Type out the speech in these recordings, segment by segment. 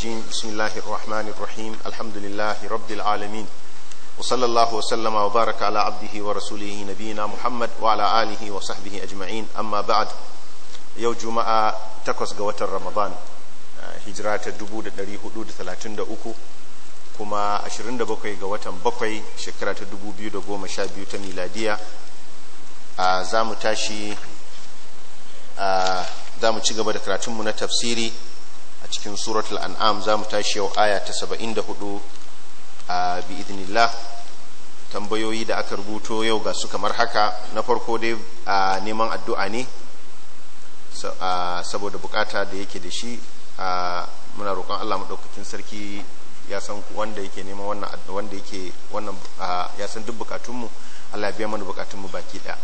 الرجيم بسم الله الرحمن الرحيم الحمد لله رب العالمين وصلى الله وسلم وبارك على عبده ورسوله نبينا محمد وعلى آله وصحبه أجمعين أما بعد يوم جمعة تقص قوة رمضان هجرة الدبو دري حدود ثلاثين دقوكو كما أشرين دبقي قوة بقي شكرة الدبو بيو دقو مشابيو تميلادية زامو تاشي za mu ci gaba da karatunmu na tafsiri a cikin suratul an'am za mu tashi yau aya ta saba'in da hudu a bi'idnillah tambayoyi da aka rubuto yau ga su kamar haka na farko dai a neman addu'a ne saboda bukata da yake da shi muna roƙon Allah maɗaukakin sarki ya san wanda yake neman wannan wanda yake wannan ya san duk bukatunmu Allah biya mana bukatunmu baki ɗaya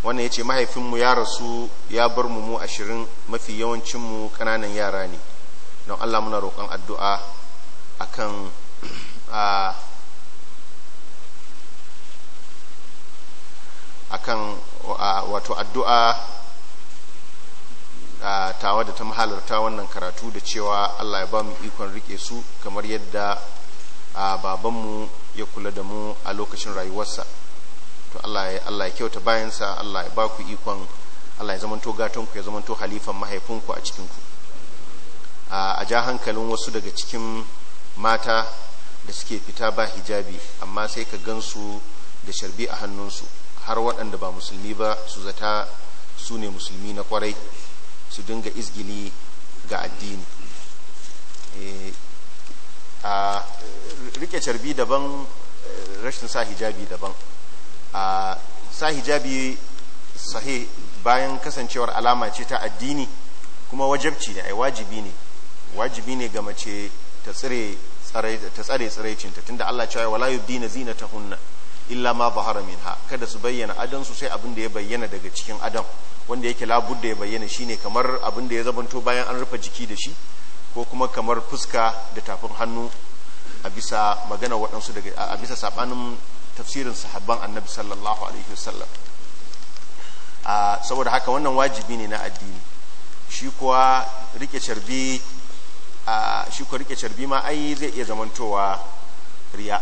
wannan ya ce mahaifinmu ya rasu ya bar mu mu ashirin mafi yawancinmu kananan yara ne don allah muna roƙon addu'a a kan a kan wato addu'a tawa da ta mahalarta wannan karatu da cewa allah ya ba mu ikon rike su kamar yadda babanmu ya kula da mu a lokacin rayuwarsa to Allah ya Allah ya kyauta bayansa Allah ya baku ikon Allah ya zamanto gatan ku ya zamanto halifan mahaifinku a cikinku ku a ja hankalin wasu daga cikin mata da suke fita ba hijabi amma sai ka gansu da sharbi a hannunsu har waɗanda ba musulmi ba su zata su ne musulmi na kwarai su dinga izgili ga addini e, a rike sharbi daban rashin sa hijabi daban a sa hijabi sahi bayan kasancewar alama ce ta addini kuma wajabci ne ai wajibi ne wajibi ne ga mace ta tsare ta tsare tsiraicinta tunda Allah cewa wala yubdina zinatahunna illa ma zahara minha kada su bayyana adan su sai abin da ya bayyana daga cikin adam wanda yake labudda ya bayyana shine kamar abin da ya zabanto bayan an rufe jiki da shi ko kuma kamar fuska da tafin hannu a bisa magana waɗansu daga a bisa sabanin tafsirin sahabban annabi sallallahu alaihi wasallam ah, saboda haka wannan wajibi ne na addini shi kuwa rike carbi ah, shi kuwa rike carbi ma ai zai iya zamantowa riya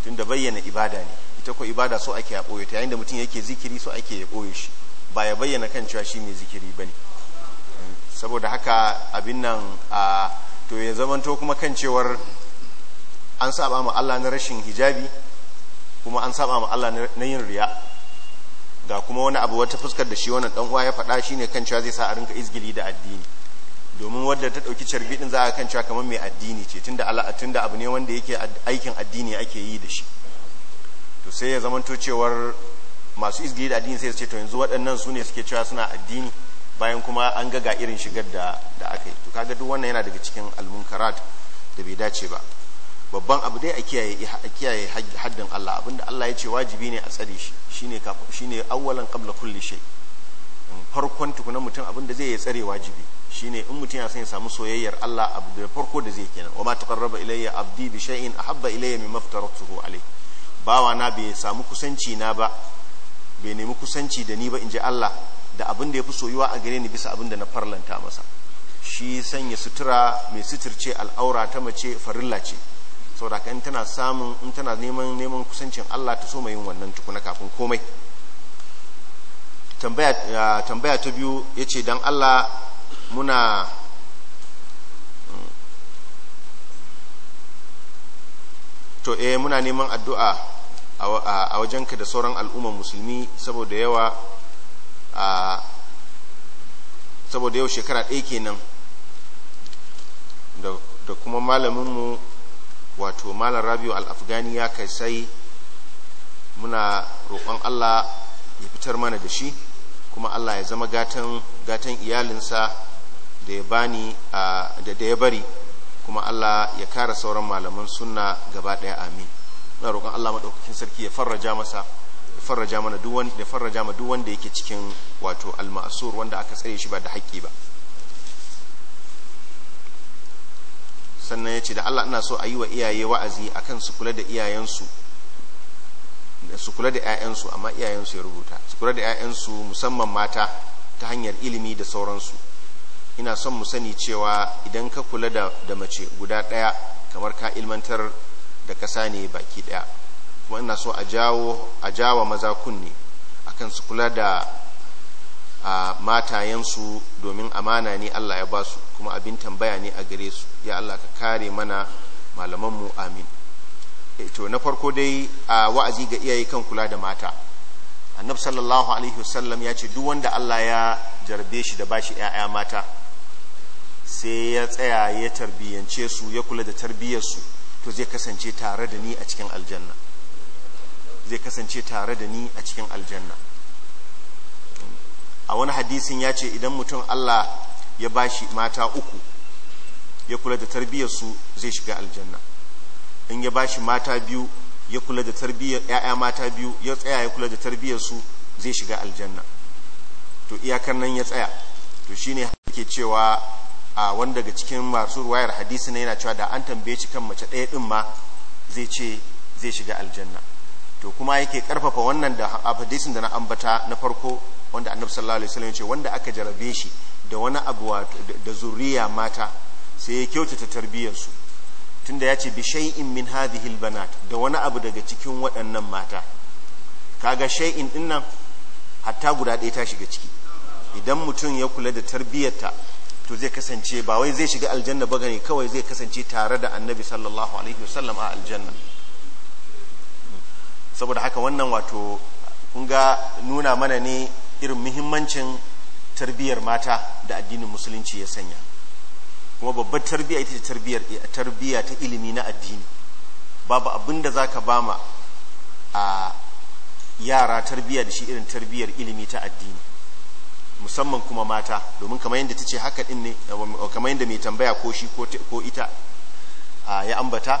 tunda bayyana ibada ne ita ko ibada so ake a ta yayin da mutum yake zikiri so ake ya shi ba ya bayyana kan cewa shi mai zikiri bane ne saboda haka abin nan ah, to ya zamanto kuma kan cewar an saba mu Allah na rashin hijabi kuma an saba ma Allah na yin riya ga kuma wani abu wata fuskar da shi wannan dan uwa ya faɗa shine kan cewa zai sa a rinka izgili da addini domin wadda ta dauki carbi din za a kan cewa kamar mai addini ce tunda Allah tunda abu ne wanda yake aikin addini ake yi da shi to sai ya zamanto cewar masu izgili da addini sai su ce to yanzu waɗannan su ne suke cewa suna addini bayan kuma an ga ga irin shigar da da aka yi to kaga duk wannan yana daga cikin almunkarat da bai dace ba babban abu dai a kiyaye haddin Allah abinda Allah ya ce wajibi ne a tsare shi shine shine awwalan qabla kulli shay mm, farkon tukunan mutum abinda zai ya tsare wajibi shine in mutum ya san ya samu soyayyar Allah abu da farko da zai kenan wama taqarraba ilayya abdi bi shay'in ahabba ilayya mimma aftaratuhu alayh bawa na bai samu kusanci na ba bai nemi kusanci da ni ba in ji Allah da abin da ya fi soyuwa a gare ni bisa abin da na farlanta masa shi sanya sutura mai suturce al'aura ta mace farilla ce saboda in tana samun in tana neman neman kusancin Allah ta so yin wannan tukuna kafin komai tambaya ta biyu yace dan Allah muna to eh muna neman addu'a a wajenka da sauran al'umman musulmi saboda yawa a saboda yau shekara ɗaya kenan da kuma malaminmu wato malam rabiu al-afghani ya kai sai muna roƙon allah ya fitar mana da shi kuma allah ya zama gatan iyalinsa da ya bani da da ya bari kuma allah ya kara sauran malaman sunna gaba ɗaya amin muna roƙon allah maɗaukakin sarki ya farraja masa ya farraja mana duk ya farraja ma duk wanda yake cikin wato al-ma'sur wanda aka tsaye shi ba da haƙƙi ba sannan ya ce da Allah ina so a yi wa iyaye wa'azi kan su kula da iyayensu su kula da 'ya'yansu amma iyayensu ya rubuta su kula da 'ya'yansu musamman mata ta hanyar ilimi da sauransu ina son mu sani cewa idan ka kula da, da mace guda ɗaya kamar ka ilmantar da ƙasa ne baki ɗaya kuma ina so a jawo a jawa maza kunne akan su kula da a matayensu domin amana ne Allah ya ba su kuma abin tambaya ne a gare su ya Allah ka kare mana malamanmu amin e, to na farko dai a wa'azi ga iyaye kan kula da mata annab sallallahu alaihi wasallam ya ce duk wanda Allah ya jarbe shi da bashi ‘ya'ya mata sai ya tsaya ya tarbiyyance su ya kula da tarbiyyarsu to zai kasance tare da ni a cikin aljanna a wani hadisin ya ce idan mutum Allah ya bashi mata uku ya kula da tarbiyyarsu zai shiga aljanna in ya bashi mata biyu ya kula da tarbiyyar ya'ya mata biyu ya tsaya ya kula da tarbiyyarsu zai shiga aljanna to iyakar nan ya tsaya to shine ke cewa a wanda daga cikin masu ruwayar hadisi ne yana cewa da an tambaye shi kan mace ɗaya din ma zai ce zai shiga aljanna to kuma yake karfafa wannan da hadisin da na ambata na farko wanda annabi sallallahu alaihi wasallam ya ce wanda aka jarabe shi da wani abu da zuriya mata sai ya kyautata tarbiyyarsu tunda ya ce bi shay'in min hadhihi albanat da wani abu daga cikin waɗannan mata kaga shay'in din nan hatta guda ɗaya ta shiga ciki idan mutum ya kula da tarbiyyarta to zai kasance ba wai zai shiga aljanna ba gani kawai zai kasance tare da annabi sallallahu alaihi wasallam a aljanna saboda haka wannan wato kun ga nuna mana ne irin muhimmancin tarbiyyar mata da addinin musulunci ya sanya kuma babbar tarbiyya ita ce tarbiyyar tarbiyya ta ilimi na addini babu abin da zaka bama a yara tarbiyya da shi irin tarbiyyar ilimi ta addini musamman kuma mata domin kamar yadda tace haka din ne kamar yadda mai tambaya ko shi ko ita ya ambata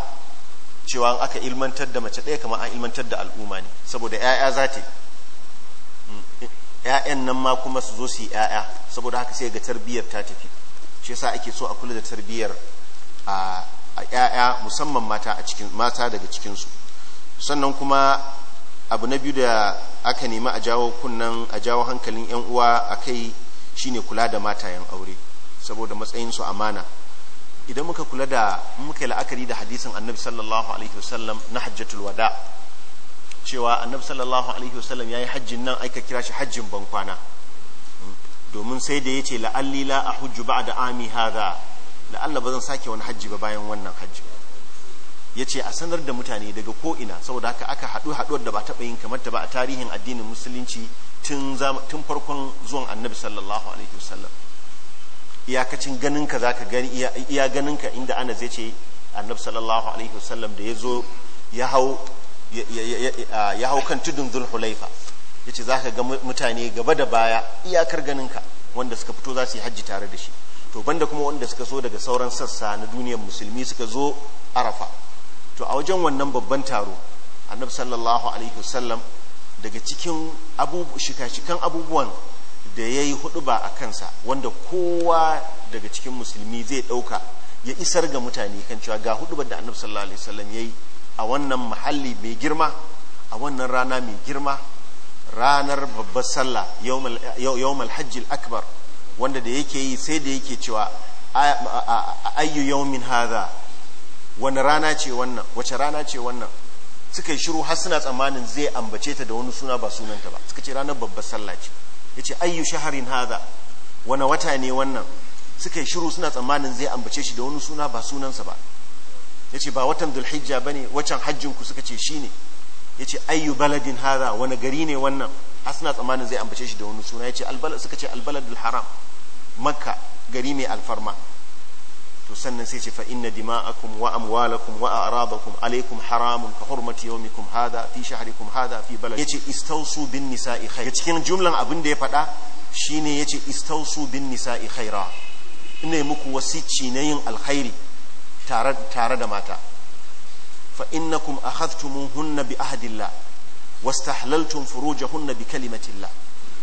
cewa aka ilmantar da mace ɗaya kamar an ilmantar da al'umma ne saboda 'ya'ya za ta 'ya'yan nan ma kuma su zo su yi 'ya'ya saboda haka sai ga tarbiyyar ta tafi shi yasa ake so a kula da tarbiyyar a 'ya'ya musamman mata a cikin mata daga cikinsu sannan kuma abu na biyu da aka nemi a jawo kunnan a jawo hankalin 'yan uwa a kai shine kula da mata yan aure saboda matsayinsu amana idan muka kula da muka yi la'akari da hadisin annabi sallallahu alaihi wasallam na hajjatul wada' cewa annabi sallallahu alaihi wasallam yayi hajjin nan aika kira shi hajjin bankwana hmm? domin sai da yace la'alli la ahujju ba'da ami hadha ba bazan sake wani hajji ba bayan wannan hajji yace a sanar da mutane daga ko ina saboda haka aka hadu haduwar da ba taba yin kamar ta ba a tarihin addinin musulunci tun tun farkon zuwan annabi sallallahu alaihi wasallam iyakacin ganinka zaka gani iya ganinka inda ana zai ce annabi sallallahu alaihi wasallam da ya zo ya hau Ah, ya hau kan tudun zulhulaifa ya ce za ka ga mutane gaba da baya iyakar ganinka wanda suka fito za su yi hajji tare da shi to banda kuma wanda suka so daga sauran sassa na duniyar musulmi suka zo arafa to a wajen wannan babban taro annabi sallallahu alaihi wasallam daga cikin shika-shikan abubuwan da ya yi ba a kansa wanda kowa daga cikin musulmi zai ɗauka ya isar ga mutane kan cewa ga hudubar da annabi sallallahu alaihi wasallam ya yi a wannan mahalli mai girma a wannan rana mai girma ranar babbar sallah yawmal hajjil akbar wanda da yake yi sai da yake cewa ayyu yawmin hadha wani rana ce wannan wace rana ce wannan suka yi shiru har suna tsammanin zai ambace ta da wani suna ba sunanta ba suka ce ranar babbar sallah ce yace ayyu shaharin hadha wani wata ne wannan suka yi shiru suna tsammanin zai ambace shi da wani suna ba sunansa ba yace ba watan dhulhijja bane wacan hajjin ku suka ce shine yace ayyu baladin hada wani gari ne wannan asna tsammanin zai ambace shi da wani suna Ya ce suka ce albaladul haram makka gari mai alfarma to sannan sai ce fa inna dima'akum wa amwalakum wa a'radakum alaykum haramun ka hurmati yawmikum hada fi shahrikum hada fi balad yace istawsu bin nisa'i khayra cikin jumlan abin da ya faɗa shine yace istawsu bin nisa'i khayra ina muku wasici na yin alkhairi tare da mata fa innakum akhadhtumuhunna bi ahdillah wastahlaltum furujahunna bi kalimatillah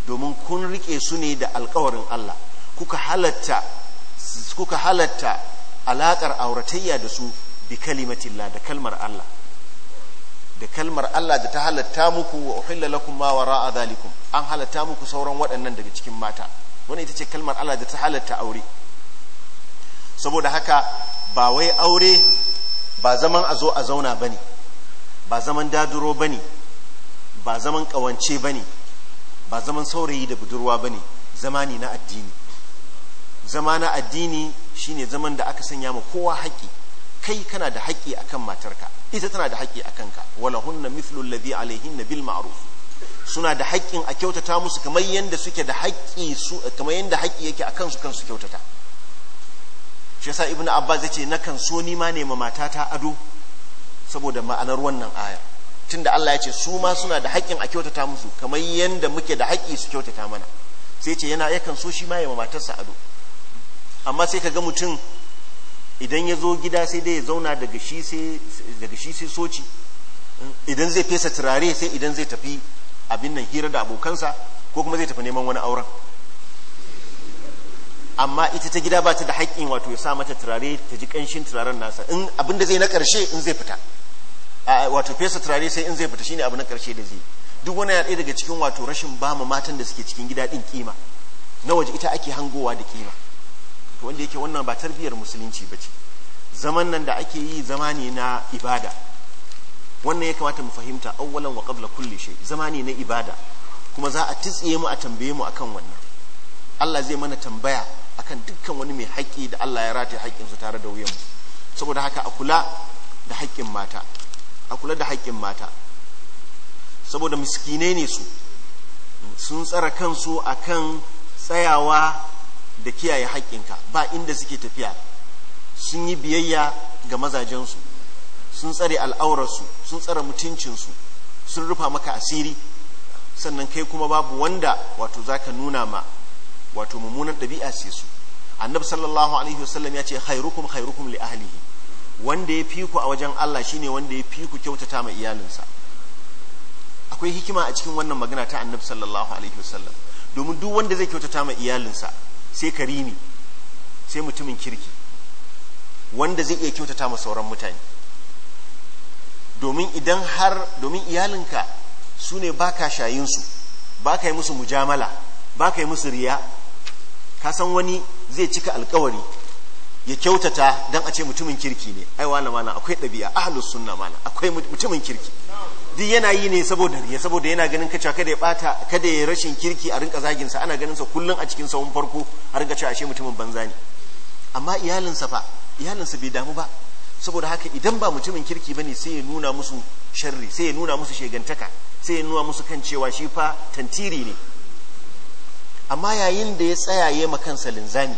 domin kun rike su ne da alkawarin Allah kuka halatta kuka halatta alaƙar auratayya da su bi kalimatillah da kalmar Allah da kalmar Allah da ta halatta muku wa uhilla lakum ma wara'a an halatta muku sauran waɗannan daga cikin mata wannan ita ce kalmar Allah da ta halatta aure saboda haka ba wai aure ba zaman a zo a zauna ba ne ba zaman daduro ba ne ba zaman ƙawance ba ne ba zaman saurayi da budurwa ba ne zamani na addini zama na addini shine zaman da aka sanya ma kowa haƙƙi kai kana da haƙƙi akan matarka ita tana da haƙƙi akan ka wala hunna mithlu alladhi alaihin bil ma'ruf suna da haƙƙin a kyautata musu kamar yanda suke da haƙƙi su kamar yanda haƙƙi yake akan su kansu kyautata shi yasa ibnu abbas yace nakan so ni ma ma matata ado saboda ma'anar wannan aya tunda Allah ya ce su ma suna da haƙƙin a kyautata musu kamar yanda muke da haƙƙi su kyautata mana sai ce yana yakan so shi ma ya matarsa ado amma sai ka ga mutum idan ya zo gida sai dai ya zauna daga shi sai daga shi sai soci idan zai fesa turare sai idan zai tafi abin nan hira da abokansa ko kuma zai tafi neman wani auren amma ita ta gida ba ta da haƙƙin wato ya sa mata turare ta ji ƙanshin turaren nasa in abin da zai na ƙarshe in zai fita wato fesa turare sai in zai fita shine abu na ƙarshe da zai duk wani yaɗe daga cikin wato rashin ba mu matan da suke cikin gida ɗin kima na waje ita ake hangowa da kima to wanda yake wannan ba tarbiyyar musulunci ba ce zaman nan da ake yi zama ne na ibada wannan ya kamata mu fahimta awwalan wa qabla kulli shay zama ne na ibada kuma za a tsiye mu a tambaye mu akan wannan Allah zai mana tambaya akan dukkan wani mai haƙƙi da Allah ya rataye haƙƙinsu tare da wuyanmu saboda haka a kula da haƙƙin mata a kula da haƙƙin mata saboda miskinai ne su sun tsara kansu akan tsayawa da kiyaye haƙƙinka ba inda suke tafiya sun yi biyayya ga mazajensu sun tsare al'aurarsu sun tsare mutuncinsu sun rufa maka asiri sannan kai kuma babu wanda wato zaka nuna ma wato mummunan ɗabi'a sai su annabi sallallahu alaihi wasallam ya ce khairukum khairukum li ahlihi wanda ya fi ku a wajen Allah shine wanda ya fi ku kyautata ma iyalinsa akwai hikima a cikin wannan magana ta annabi sallallahu alaihi wasallam domin duk wanda zai kyautata ma iyalinsa sai karimi sai mutumin kirki wanda zai iya kyautata ma sauran mutane domin idan har domin iyalinka su ne baka shayinsu baka yi musu mujamala baka yi musu riya ka san wani zai cika alkawari ya kyautata don a ce mutumin kirki ne ai wani mana akwai ɗabi'a ahalus sunna mana akwai mutumin kirki duk yana yi ne saboda riya saboda yana ganin kacewa kada ya bata kada ya rashin kirki a rinka zagin sa ana ganin sa kullun a cikin sawun farko a rinka cewa ashe mutumin banza ne amma iyalinsa fa iyalinsa bai damu ba saboda haka idan ba mutumin kirki bane sai ya nuna musu sharri sai ya nuna musu shegantaka sai ya nuna musu kan cewa shi fa tantiri ne amma yayin da ya tsaya ya ma kansa linzami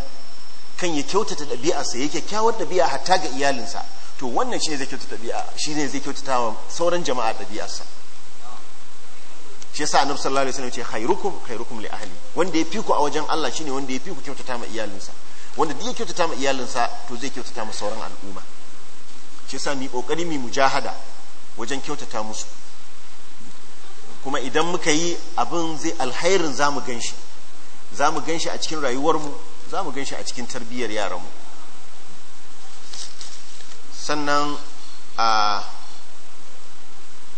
kan ya kyautata ɗabi'arsa ya kyakkyawar ɗabi'a hatta ga iyalinsa to wannan shi ne zai kyautata ɗabi'a shi ne zai kyautata wa sauran jama'a ɗabi'arsa shi yasa annabi sallallahu alaihi wasallam ce khairukum khairukum li ahli wanda ya fi ku a wajen Allah shine wanda ya fi ku kyautata ma iyalinsa wanda duk ya kyautata ma iyalinsa to zai kyautata ma sauran al'umma shi yasa mu kokari mu mujahada wajen kyautata musu kuma idan muka yi abin zai alhairin zamu ganshi za mu gan shi a cikin rayuwarmu za mu gan shi a cikin tarbiyyar yaranmu sannan a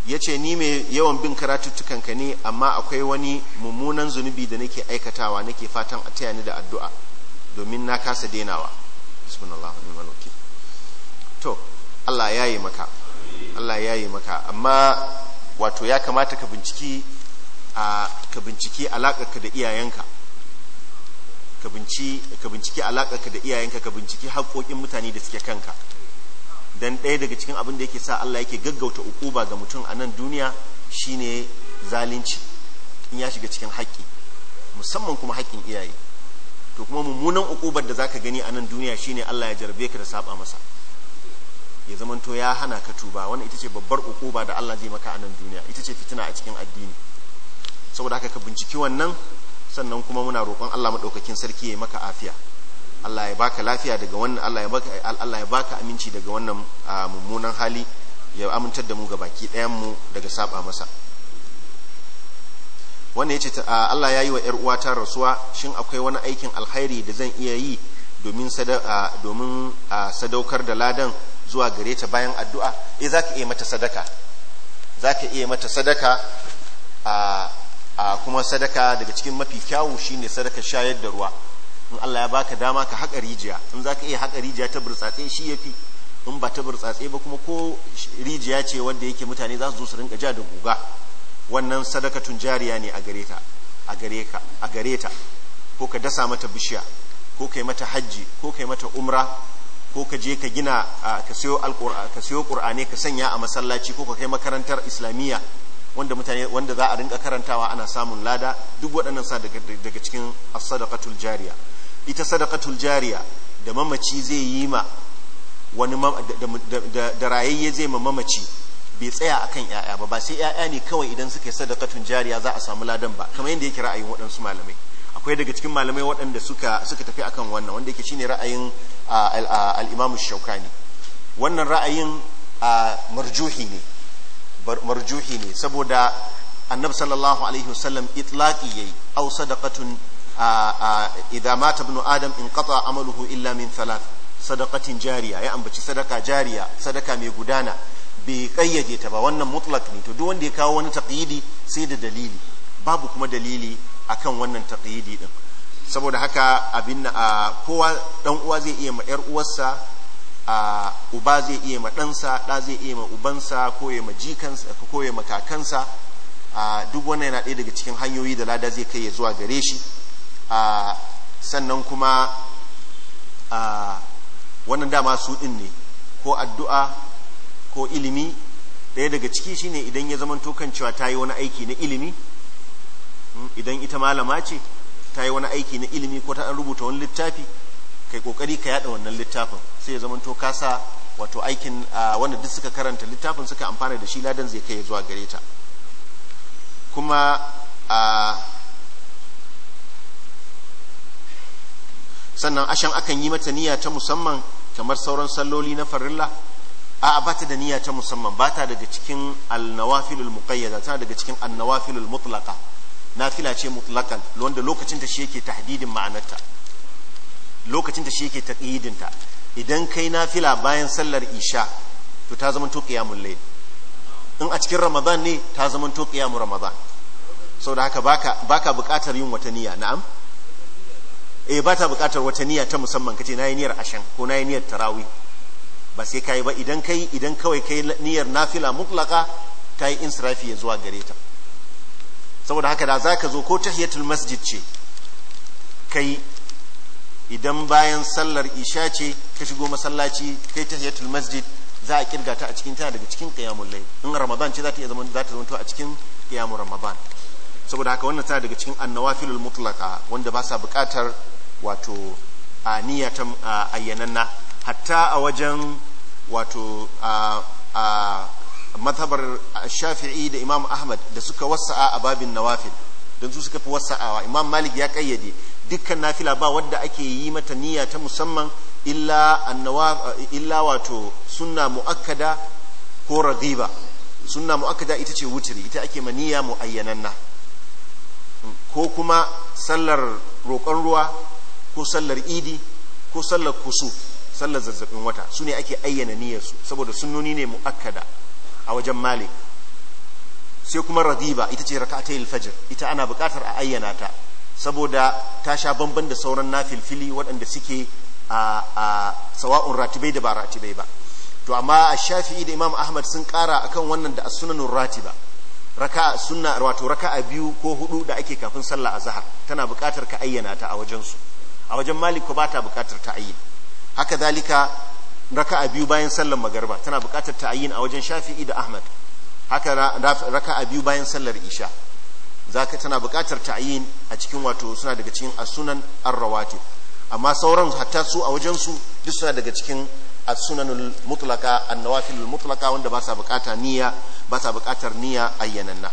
ya ce ni mai yawan bin karatuttukanka ne amma akwai wani mummunan zunubi da nake aikatawa nake fatan a taya ni da addu'a domin na kasa denawa to Allah ya yi maka Allah ya yi maka amma wato ya kamata ka binciki a ka binciki alaƙarka da iyayenka ka binciki ka da iyayenka ka binciki haƙoƙin mutane da suke kanka dan ɗaya daga cikin abin da yake sa Allah yake gaggauta ukuba ga mutum a nan duniya shine zalunci in ya shiga cikin haƙƙi musamman kuma haƙƙin iyaye to kuma mummunan ukubar da zaka gani a nan duniya shi ne Allah ya jarbe ka da saba masa ya zamanto ya hana ka tuba wannan ita ce babbar ukuba da Allah zai maka a nan duniya ita ce fitina a cikin addini saboda haka ka binciki wannan sannan kuma muna roƙon Allah maɗaukakin sarki ya maka afiya Allah ya baka lafiya daga wannan Allah ya baka Allah aminci daga wannan mummunan hali ya amintar da mu ga baki ɗayan mu daga saba masa wannan yace Allah ya yi wa 'yar uwata rasuwa shin akwai wani aikin alkhairi da zan iya yi domin domin sadaukar da ladan zuwa gare ta bayan addu'a eh zaka iya mata sadaka zaka iya mata sadaka a a kuma sadaka daga cikin mafi kyawu shine sadaka shayar da ruwa in Allah ya baka dama ka haƙa rijiya in zaka iya haƙa rijiya ta burtsatse shi yafi in ba ta burtsatse ba kuma ko rijiya ce wanda yake mutane za su zo su rinka ja da guga wannan sadakatun jariya ne a gare ta a gare ka a gare ta ko ka dasa mata bishiya ko kai mata hajji ko kai mata umra ko ka je ka gina ka siyo alqur'ani ka siyo qur'ani ka sanya a masallaci ko ka kai makarantar islamiyya wanda mutane wanda za a rinka karantawa ana samun lada duk waɗannan sa daga cikin sadaqatul jariya ita sadaqatul jariya da mamaci zai yi ma wani da rayayye zai ma mamaci bai tsaya akan yaya ba ba sai yaya ne kawai idan suka yi sadaqatul jariya za a samu ladan ba kamar yadda yake ra'ayin waɗansu malamai akwai daga cikin malamai waɗanda suka suka tafi akan wannan wanda yake shine ra'ayin al-Imam Shaukani wannan ra'ayin marjuhi ne marjuhi ne saboda annab sallallahu alaihi wasallam itlaqi yayi aw sadaqatun idza mata ibnu adam in qata amaluhu illa min thalath sadaqatin jariya ya ambaci sadaka jariya sadaka mai gudana bai ƙayyade ta ba wannan mutlak ne to duk wanda ya kawo wani taqyidi sai da dalili babu kuma dalili akan wannan taqyidi din saboda haka abin kowa dan uwa zai iya ma yar uwarsa a uba zai iya ma ɗansa ɗa zai iya ma ubansa ko ya ma jikansa ko ya ma kakansa a duk wannan yana ɗaya daga cikin hanyoyi da lada zai kai ya zuwa gare shi a sannan kuma a wannan dama su ɗin ne ko addu'a ko ilimi ɗaya daga ciki shine idan ya zama tokan cewa ta yi wani aiki na ilimi hmm, idan ita malama ce ta yi wani aiki na ilimi ko ta rubuta wani littafi kai kokari ka yada wannan littafin sai ya zamanto kasa sa wato aikin wanda duk suka karanta littafin suka amfana da shi ladan zai kai zuwa gare ta kuma a sannan ashan akan yi mata niyya ta musamman kamar sauran salloli na farilla a a bata da niyya ta musamman ba ta daga cikin al al-nawafilul muqayyada tana daga cikin nawafilul mutlaqa nafila ce mutlaqan wanda lokacin ta shi yake tahdidin ma'anarta lokacin ta shi yake ta ta idan kai nafila bayan sallar isha to ta zama to qiyamul layl in a cikin ramadan ne ta zama to qiyamul ramadan saboda haka baka buƙatar yin wata niyya na'am eh ba ta buƙatar wata niyya ta musamman kace yi niyyar ashan ko na yi niyyar tarawi ba sai kai ba idan kai idan kawai kai niyyar nafila mutlaka ta yi insirafi ya zuwa gare ta saboda haka da za ka zo ko ta tahiyatul masjid ce kai idan bayan sallar isha ce ka shigo masallaci kai tahiyatul masjid za a kirga ta a cikin tana daga cikin qiyamul layl in ramadan ce za ta zama za ta zama a cikin qiyamul ramadan saboda haka wannan tana daga cikin annawafilul mutlaka wanda ba sa buƙatar wato a ta ayyananna hatta a wajen wato a mazhabar shafi'i da imam ahmad da suka wasa'a a babin nawafil don su suka fi wasa'awa imam malik ya kayyade dukkan nafila ba wadda ake yi mata niyya ta musamman illa annawa illa wato sunna muakkada ko radiba sunna muakkada ita ce wuturi ita ake ma maniya muayyananna ko kuma sallar roƙon ruwa ko sallar idi ko sallar kusuf sallar zazzabin wata su ne ake ayyana niyyarsu saboda sunnoni ne muakkada a wajen malik sai kuma radiba ita ce raka'atayil fajr ita ana buƙatar a ayyana ta saboda ta sha bamban da sauran nafilfili waɗanda suke a sawa'un ratibai da ba ratibai ba to amma a shafi'i da imam ahmad sun kara kan wannan da sunanun ratiba raka sunna wato raka'a biyu ko hudu da ake kafin sallah zahar tana buƙatar ka ayyana ta a wajen su a wajen malik ko bata buƙatar ta ayyana haka zalika raka'a biyu bayan sallar magarba tana buƙatar ta ayyana a wajen shafi'i da ahmad haka raka'a biyu bayan sallar isha zaka tana buƙatar ta'yin a cikin wato suna daga cikin as-sunan ar-rawatib amma sauran hatta su a wajen su duk suna daga cikin as-sunanul mutlaqa an-nawafilul mutlaqa wanda ba sa buƙata niyya ba sa buƙatar niyya ayyananna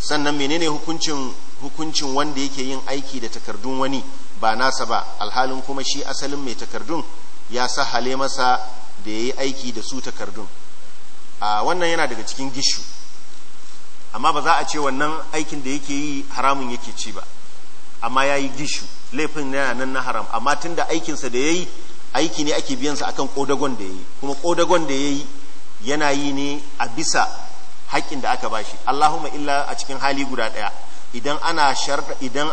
sannan menene hukuncin hukuncin wanda yake yin aiki da takardun wani ba nasa ba alhalin kuma shi asalin mai takardun ya sahale masa da yayi aiki da su takardun a wannan yana daga cikin gishu amma ba za a ce wannan aikin da yake yi haramun yake ci ba amma ya yi gishu laifin yana nan na haram amma tun da aikinsa da ya yi aiki ne ake biyansa akan kodagon da ya yi kuma kodagon da ya yi yana yi ne a bisa haƙƙin da aka bashi allahumma illa a cikin hali guda ɗaya idan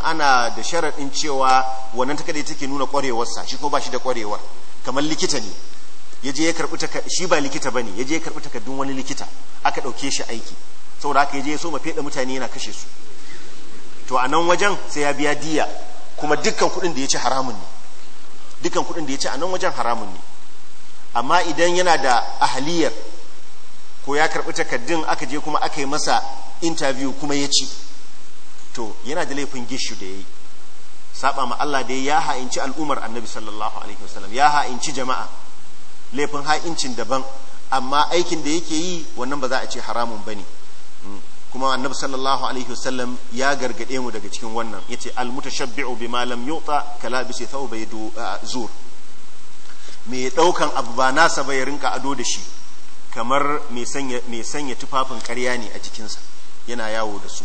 ana da sharaɗin cewa wannan takardar take nuna ƙwarewarsa shi ko ba shi da ƙwarewar kamar likita ne ya ya karɓi shi ba likita ba ne ya je ya karɓi takardun wani likita aka ɗauke shi aiki saboda haka je ya so ma mutane yana kashe su to a nan wajen sai ya biya diya kuma dukkan kuɗin da ya ci haramun ne dukkan kuɗin da ya ci a nan wajen haramun ne amma idan yana da ahaliyar ko ya karɓi takardun aka je kuma aka yi masa interview kuma ya ci to yana da laifin gishu da ya yi saba ma Allah da ya ha'inci al'umar annabi sallallahu alaihi wasallam ya ha'inci jama'a laifin ha'incin daban amma aikin da yake yi wannan ba za a ce haramun ba ne. kuma annabi sallallahu alaihi wasallam ya gargade mu daga cikin wannan yace al mutashabbi'u bima lam yuta kalabisi thawbay zur me daukan abu ba nasa ba ya rinka ado da shi kamar me sanya me sanya tufafin ƙarya ne a sa yana yawo da su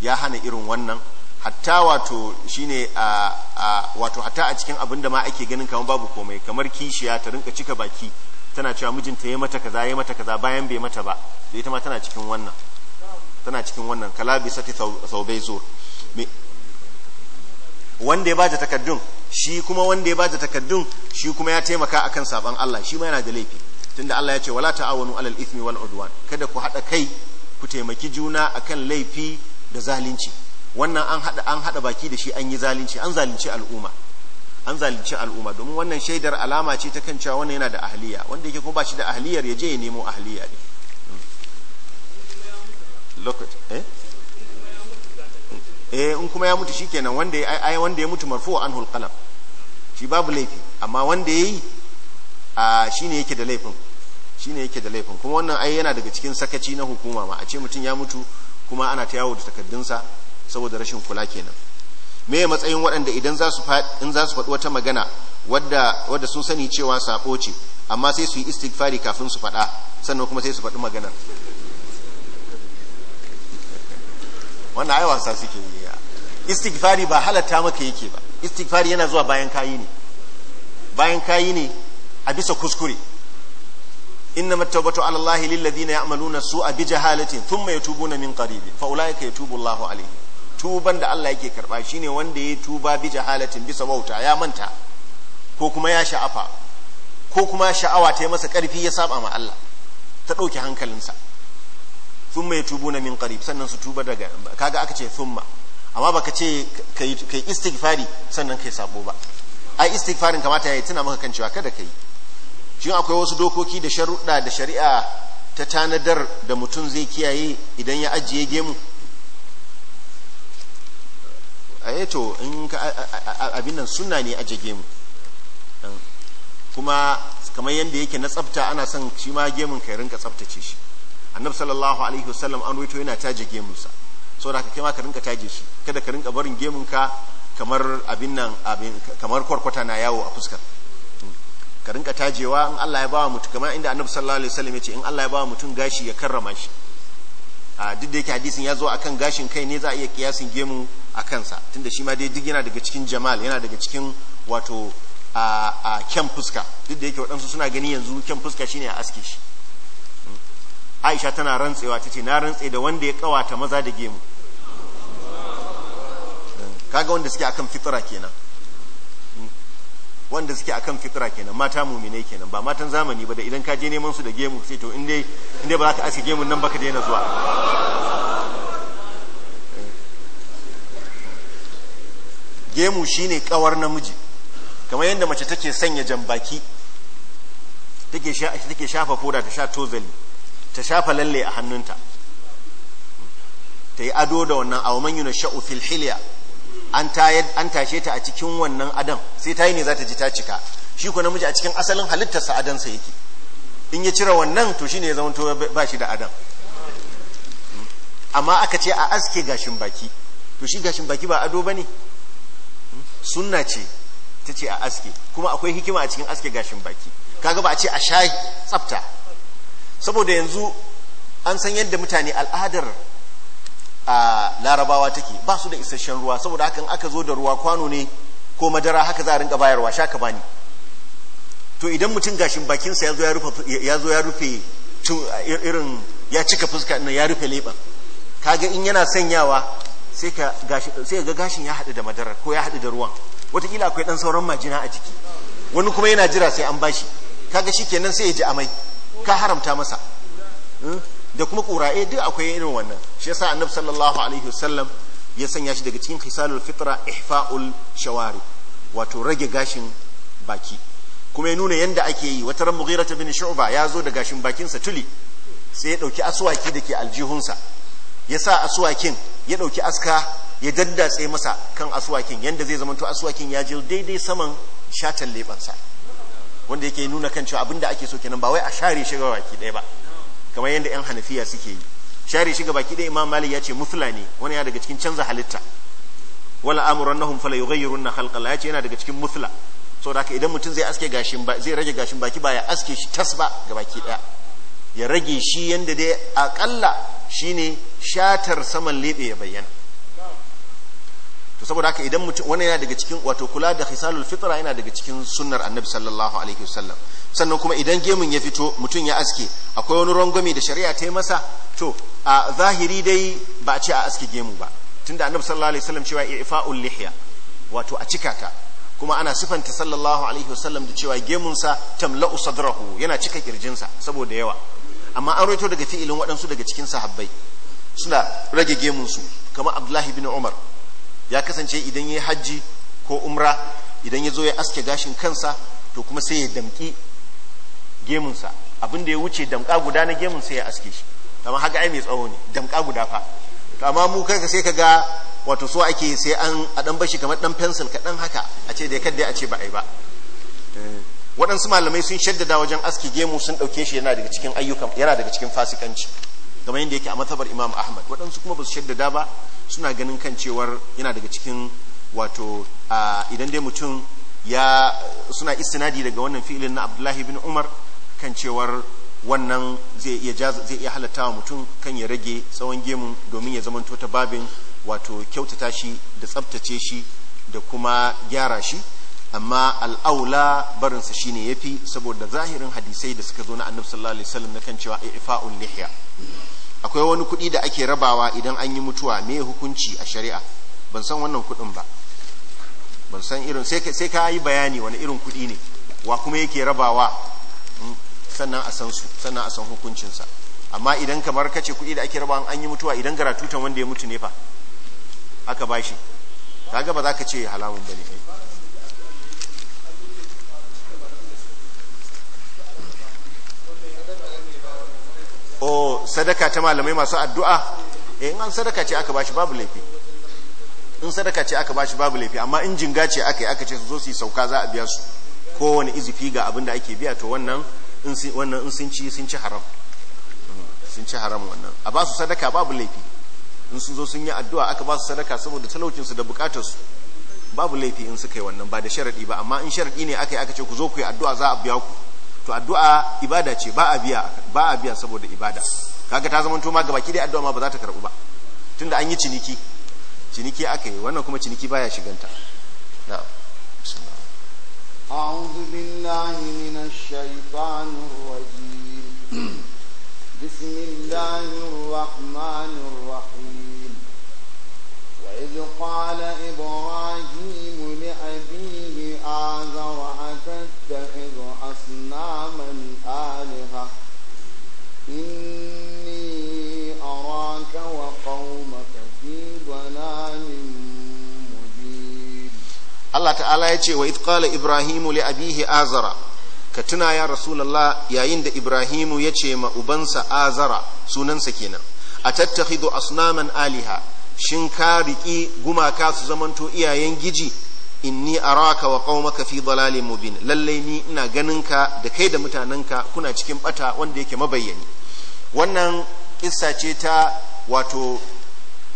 ya hana irin wannan hatta wato shine a, wato hatta a cikin abin da ma ake ganin kamar babu komai kamar kishiya ta rinka cika baki tana cewa mijinta ya mata kaza ya mata kaza bayan bai mata ba ita ma tana cikin wannan tana cikin wannan kalabi sati saubai zo. wanda ya bada takaddun shi kuma wanda ya bada takaddun shi kuma ya taimaka akan saban Allah shi ma yana da laifi tunda Allah ya ce wala ta'awanu alal ithmi wal udwan kada ku hada kai ku taimaki juna akan laifi da zalunci wannan an hada an hada baki da shi an yi zalunci an zalunci al'umma an zalunci al'umma domin wannan shaidar alama ce ta kan cewa wannan yana da ahliya wanda yake kuma ba shi da ahliyar ya je ya nemo ahliya ne lokaci eh? eh in kuma ya mutu shikenan wanda ai wanda ya mutu marfu an qalam shi babu laifi amma wanda yayi a shine yake da laifin shine yake da laifin kuma wannan ai yana daga cikin sakaci na hukuma ma a ce mutum ya mutu kuma ana ta yawo da takaddun sa saboda rashin kula kenan me ya matsayin waɗanda idan za su in za su faɗi wata magana wadda wadda sun sani cewa sabo ce amma sai su yi istighfari kafin su faɗa sannan kuma sai su faɗi magana. wannan ai wasa suke yi istighfari ba halatta maka yake ba istighfari yana zuwa bayan kayi ne bayan kayi ne a bisa kuskure إنما التوبة على الله للذين يعملون السوء بجهالة ثم يتوبون من قريب فأولئك يتوب الله عليه tuban da Allah yake karba shine wanda ya tuba bi jahalatin bisa wauta ya manta ko kuma ya sha'afa ko kuma sha'awa ta yi masa karfi ya saba ma Allah ta ɗauki hankalinsa thumma yatubuna min qarib sannan su tuba daga kaga aka ce thumma amma baka ce kai kai istighfari sannan kai sabo ba ai istighfarin kamata yayi tuna maka kan cewa kada kai shin akwai wasu dokoki da sharuɗa da shari'a ta tanadar da mutum zai kiyaye idan ya ajiye gemu a eh to in ka abin nan sunna ne ajiye gemu kuma kamar yadda yake na tsafta ana son shi ma gemun ka rinka tsaftace shi annabi sallallahu alaihi wasallam an waito yana taje gemunsa so da kai ma ka rinka taje shi kada ka rinka barin gemunka kamar abin nan abin kamar kwarkwata na yawo a fuskar ka rinka tajewa in Allah ya bawa mutum kamar inda annabi sallallahu alaihi wasallam yace in Allah ya bawa mutum gashi ya karrama shi a duk da yake hadisin ya zo akan gashin kai ne za a iya kiyasin gemu a kansa tunda shi ma dai duk yana daga cikin jamal yana daga cikin wato a kyan fuska duk da yake waɗansu suna gani yanzu kyan fuska shine a aske shi aisha tana rantsewa ta ce na rantse da wanda ya kawata maza da gemu kaga wanda suke akan fitira kenan wanda suke akan fitira kenan mata mumine kenan ba matan zamani ba da idan ka je neman su da gemu sai to inda inda ba za ka aske gemun nan baka daina zuwa gemu shine kawar namiji kamar yadda mace take sanya jambaki take take shafa foda ta sha tozali ta shafa lalle a hannunta ta yi ado da wannan awman na sha'u filhiliya an tashe ta a cikin wannan adam sai ta yi ne za ta ji ta cika shi ko namiji a cikin asalin halittarsa adansa yake in ya cire wannan to ne ya zama to ba shi da adam amma aka ce a aske gashin baki to shi gashin baki ba ado ba ne suna ce ta ce a aske kuma akwai hikima a cikin aske gashin baki kaga ba a ce a sha tsafta saboda yanzu an san yadda mutane al'adar a larabawa take ba su da isasshen ruwa saboda hakan aka zo da ruwa kwano ne ko madara haka za a rinka bayarwa sha ka bani to idan mutum gashin bakinsa ya zo ya rufe irin ya cika fuska din ya rufe leɓen kaga in yana sanyawa sai ka ga gashin ya hadu da madara, ko ya hadu da ruwan wataƙila akwai dan sauran majina a jiki wani kuma yana jira sai an bashi kaga shi kenan sai ya ji amai ka haramta masa hmm? da kuma ƙura'e eh, duk akwai irin wannan shi yasa annabi sallallahu alaihi wasallam ya sanya shi daga cikin khisalul fitra ihfa'ul shawari wato rage gashin baki kuma ya nuna yanda ake yi wata ran mughira bin shu'ba ya zo da gashin bakin sa tuli sai ya dauki aswaki da ke aljihunsa ya sa aswakin ya dauki aska ya daddatse masa kan aswakin yanda zai zamanto aswakin ya je daidai saman shatan lebansa wanda yake nuna kan cewa abinda ake so kenan ba wai a share shi ga baki ɗaya ba kamar yadda yan hanafiya suke yi share shi ga baki ɗaya imam malik ya ce mutla ne wani ya daga cikin canza halitta wala nahum fala na khalqa ya ce yana daga cikin mutla saboda haka idan mutum zai aske gashin ba zai rage gashin baki ba ya aske shi tas ba ga baki ɗaya ya rage shi yanda dai akalla shine shatar saman lebe ya bayyana to saboda haka idan mutum wani yana daga cikin wato kula da hisalul fitra yana daga cikin sunnar annabi sallallahu alaihi wasallam sannan kuma idan gemun ya fito mutum ya aske akwai wani rangwame da shari'a ta yi masa to a zahiri dai ba a ce a aske gemu ba tunda annabi sallallahu alaihi wasallam cewa ifa'ul lihya wato a cika ta kuma ana sifanta sallallahu alaihi wasallam da cewa gemunsa tamla'u sadrahu yana cika kirjinsa saboda yawa amma an rawaito daga fi'ilin waɗansu daga cikin sahabbai suna rage gemunsu kamar abdullahi bin umar ya kasance idan ya yi hajji ko umra idan ya zo ya aske gashin kansa to kuma sai ya damƙi gemunsa abin ya wuce damƙa guda na gemun sai ya aske shi amma haka ai mai tsawo ne damƙa guda fa to amma mu kanka sai ka ga wato so ake sai an a dan bashi kamar dan pencil kaɗan haka a ce da kadda a ce ba ai ba eh, waɗansu malamai sun shaddada wajen aske gemu sun ɗauke shi yana daga cikin ayyukan yana daga cikin fasikanci kamar yadda yake a matsabar imam ahmad waɗansu kuma ba su shaddada ba suna ganin kan cewar yana daga cikin wato idan dai mutum ya suna istinadi daga wannan fi'ilin na abdullahi bin umar kan cewar wannan zai iya zai halatta wa mutum kan ya rage tsawon gemu domin ya zamanto ta babin wato kyautata shi da tsabtace shi da kuma gyara shi amma al'aula barinsa ya fi saboda zahirin hadisai da suka zo na annabi sallallahu na kan cewa ifa'ul lihya akwai wani kuɗi da ake rabawa idan an yi mutuwa me hukunci a shari'a ban san wannan kuɗin ba ban san irin sai ka yi bayani wani irin kuɗi ne wa kuma yake rabawa mm, sannan a san su sannan a san hukuncinsa amma idan kamar kace kuɗi da ake rabawa an yi mutuwa idan garatutan wanda ya mutu ne fa aka bashi kaga ba za ka ce halamun bane eh. sadaka ta malamai masu addu'a eh, in an sadaka ce aka bashi babu laifi in sadaka ce aka bashi babu laifi amma in jinga ce aka yi aka ce su zo su yi sauka za a biya su kowane izifi ga abin da ake biya to wannan in sun ci sun ci haram mm, sun ci haram wannan a ba su sadaka babu laifi in sun zo sun yi addu'a aka ba su sadaka saboda talaucinsu da bukatarsu su babu laifi in suka yi wannan ba da sharaɗi ba amma in sharaɗi ne aka yi aka ce ku zo ku yi addu'a za a biya ku to addu'a ibada ce ba a biya ba a biya saboda ibada kaga ta zama ma gabaki dai addu'a ma ba za ta karbu ba tunda an yi ciniki ciniki aka yi wannan kuma ciniki baya shiganta na'am أعوذ بالله من الشيطان الرجيم بسم الله الرحمن الرحيم وإذ قال إبراهيم لأبيه آذر أتتخذ أصناما آلهة إن أراك وقومك في ضلال مبين الله تعالى يتي وإذ قال إبراهيم لأبيه آزرا ka tuna ya rasulallah yayin da ibrahimu ya ce ma ubansa azara sunansa kenan a tattakhidu asnaman aliha shin ka riƙi gumaka su zamanto iyayen giji inni araka wa qaumaka fi dalalin mubin lallai ni ina ganin ka da kai da mutanenka kuna cikin ɓata wanda yake mabayyani wannan kissa ce ta wato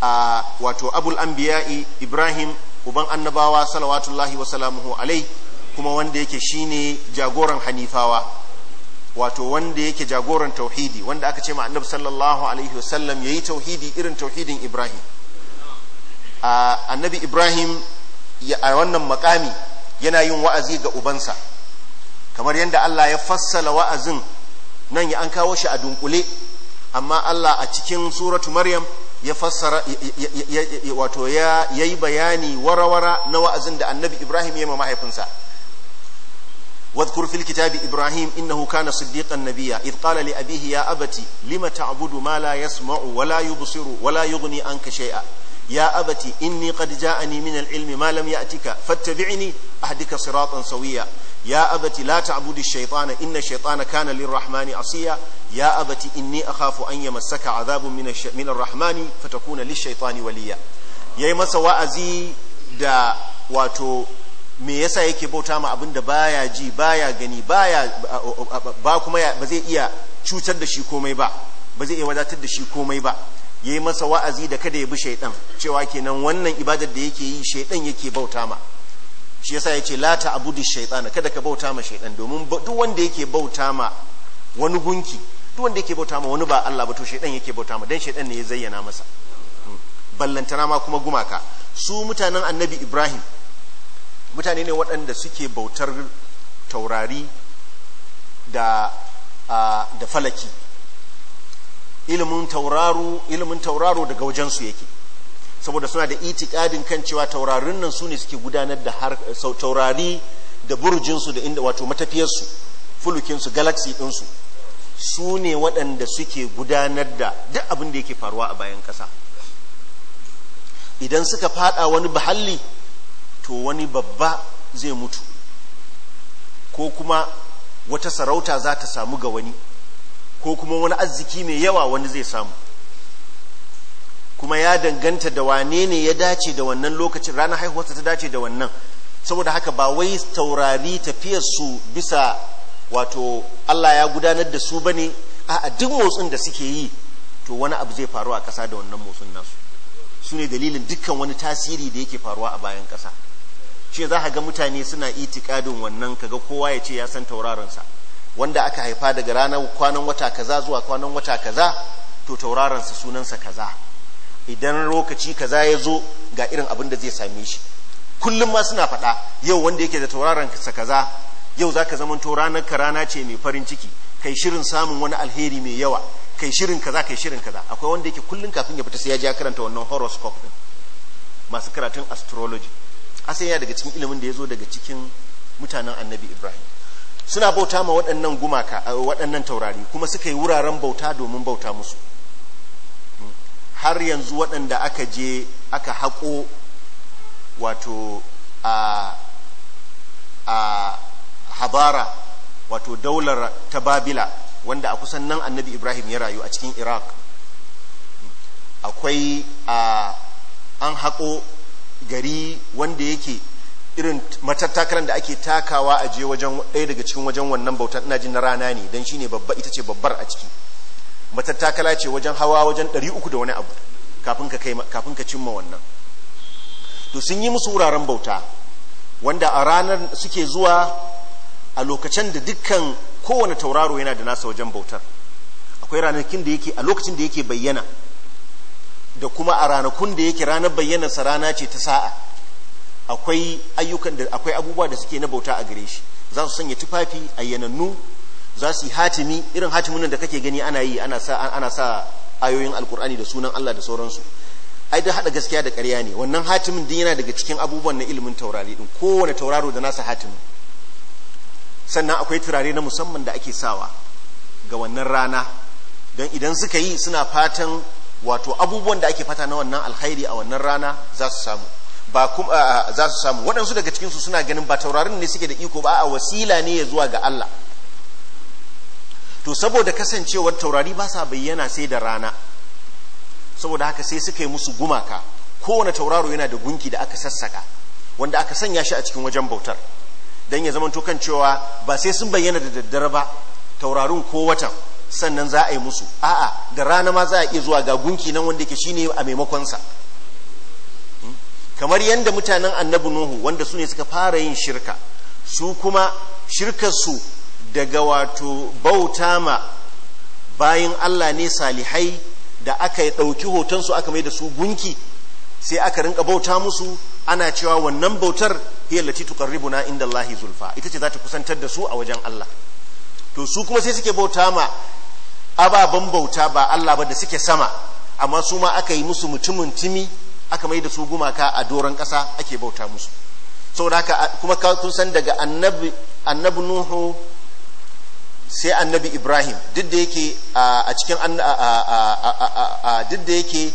a wato abul anbiya'i ibrahim uban annabawa salawatullahi wa salamuhu alai kuma wanda yake shine jagoran hanifawa wato wanda yake jagoran tauhidi wanda aka ce ma annabi sallallahu alaihi wasallam yayi tauhidi irin tauhidin ibrahim a annabi ibrahim a wannan makami yana yin wa'azi ga ubansa kamar yadda Allah ya fassala wa'azin nan ya an kawo shi a dunkule amma Allah a cikin suratu Maryam ya fassara wato ya yi bayani warawara na wa'azin da Annabi Ibrahim ya mahaifinsa wadhkur fil kitabi Ibrahim innahu kana siddiqan Nabiya, idh qala li abihi ya abati lima ta'budu ma yasma'u wala yu busiru wala la yughni anka shay'a ya abati inni qad ja'ani min al ilmi ma lam ya'tika fattabi'ni ahdika siratan sawiyya ya abati la ta'budi shaytana inna shaytana kana lirrahmani asiya ya abati inni akhafu an yamassaka azabun min min arrahmani shaitani waliyya. waliya yayi masa wa'azi da wato me yasa yake bauta ma abin da baya ji baya gani baya ba kuma ba zai iya cutar da shi komai ba ba zai iya wadatar da shi komai ba yayi masa wa'azi da kada ya bi shaydan cewa kenan wannan ibadar da yake yi shaydan yake bauta ma shi yasa yace la ta ta'budu shaytana kada ka bauta ma shaytan domin duk wanda yake bauta ma wani gunki duk wanda yake bauta ma wani ba Allah ba to shaytan yake bauta ma dan shaytan ne ya zayyana masa hmm. ballantana ma kuma gumaka su mutanen annabi Ibrahim mutane ne waɗanda suke bautar taurari da da falaki ilimin tauraro ilimin tauraro daga wajensu yake saboda suna da itikadin kan cewa taurarin nan su ne suke gudanar da har taurari da burjinsu da inda wato matafiyarsu fulukinsu galaxy ɗinsu su ne waɗanda suke gudanar da duk abin da yake faruwa a bayan ƙasa idan suka fada wani bahalli to wani babba zai mutu ko kuma wata sarauta za ta samu ga wani ko kuma wani arziki mai yawa wani zai samu kuma ya danganta da wane ne ya dace da wannan lokacin ranar haihuwarsa ta dace da wannan saboda haka ba wai taurari tafiyar su bisa wato Allah ya gudanar da su bane a duk motsin da suke yi to wani abu zai faru a ƙasa da wannan motsin nasu su ne dalilin dukkan wani tasiri da yake faruwa a bayan ƙasa shi za a ga mutane suna itikadin wannan kaga kowa ya ce ya san taurarinsa wanda aka haifa daga ranar kwanan wata kaza zuwa kwanan wata kaza to taurarinsa sunansa kaza idan lokaci kaza ya zo ga irin abin da zai same shi kullum ma suna faɗa yau wanda yake da tauraron sa kaza yau zaka zamanto ranar ka rana ce mai farin ciki kai shirin samun wani alheri mai yawa kai shirin kaza kai shirin kaza akwai wanda yake kullum kafin ya fita sai ya ji karanta wannan horoscope din masu karatun astrology asali ya daga cikin ilimin da ya zo daga cikin mutanen annabi ibrahim suna bauta ma waɗannan gumaka waɗannan taurari kuma suka yi wuraren bauta domin bauta musu har yanzu waɗanda aka je aka haƙo wato a a habara wato daular ta babila wanda a kusan nan annabi ibrahim ya rayu a cikin iraq akwai a an haƙo gari wanda yake irin matattakalan da ake takawa a je wajen ɗaya daga cikin wajen wannan bautan ina jin na rana ne don shine babba ita ce babbar a ciki matattakala ce wajen hawa wajen 300 da wani abu kafin ka kafin ka cimma wannan to sun yi musu wuraren bauta wanda a ranar suke zuwa a lokacin da dukkan kowane tauraro yana da nasa wajen bautar akwai ranakin da yake a lokacin da yake bayyana da kuma a ranakun da yake ranar bayyanarsa rana ce ta sa'a akwai ayyukan da akwai abubuwa da suke na bauta a gare shi za su sanya tufafi ayyanannu za su yi hatimi irin hatimin da kake gani ana yi ana sa ayoyin alkur'ani da sunan Allah da sauransu ai da hada gaskiya da ƙarya ne wannan hatimin din yana daga cikin abubuwan na ilimin taurari din kowane tauraro da nasa hatimin sannan akwai turare na musamman da ake sawa ga wannan rana don idan suka yi suna fatan wato abubuwan da ake fata na wannan alkhairi a wannan rana za su samu ba kuma za su samu waɗansu daga cikinsu suna ganin ba taurarin ne suke da iko ba a wasila ne ya zuwa ga Allah to saboda kasancewar taurari ba sa bayyana sai da rana saboda haka sai suka yi musu gumaka kowane tauraro yana da gunki da aka sassaka wanda aka sanya shi a cikin wajen bautar don ya zamanto kan cewa ba sai sun bayyana da daddare ba taurarin ko watan sannan za a yi musu a'a da rana ma za a iya zuwa ga gunki nan wanda ke shine a maimakonsa hmm? kamar yadda mutanen annabi nuhu wanda su ne suka fara yin shirka su kuma shirkar su. daga wato bauta ma bayan Allah ne salihai da aka yi ɗauki hotonsu aka mai da su gunki sai aka rinka bauta musu ana cewa wannan bautar hiyar lati na inda Allahi zulfa ita ce za ta kusantar da su a wajen Allah to su kuma sai suke bauta ma ababen bauta ba Allah ba da suke sama amma su ma aka yi musu mutumin timi aka mai da su gumaka a doron ƙasa ake bauta musu saboda haka kuma kun san daga annabi annabi Nuhu sai annabi ibrahim duk da yake a cikin duk da yake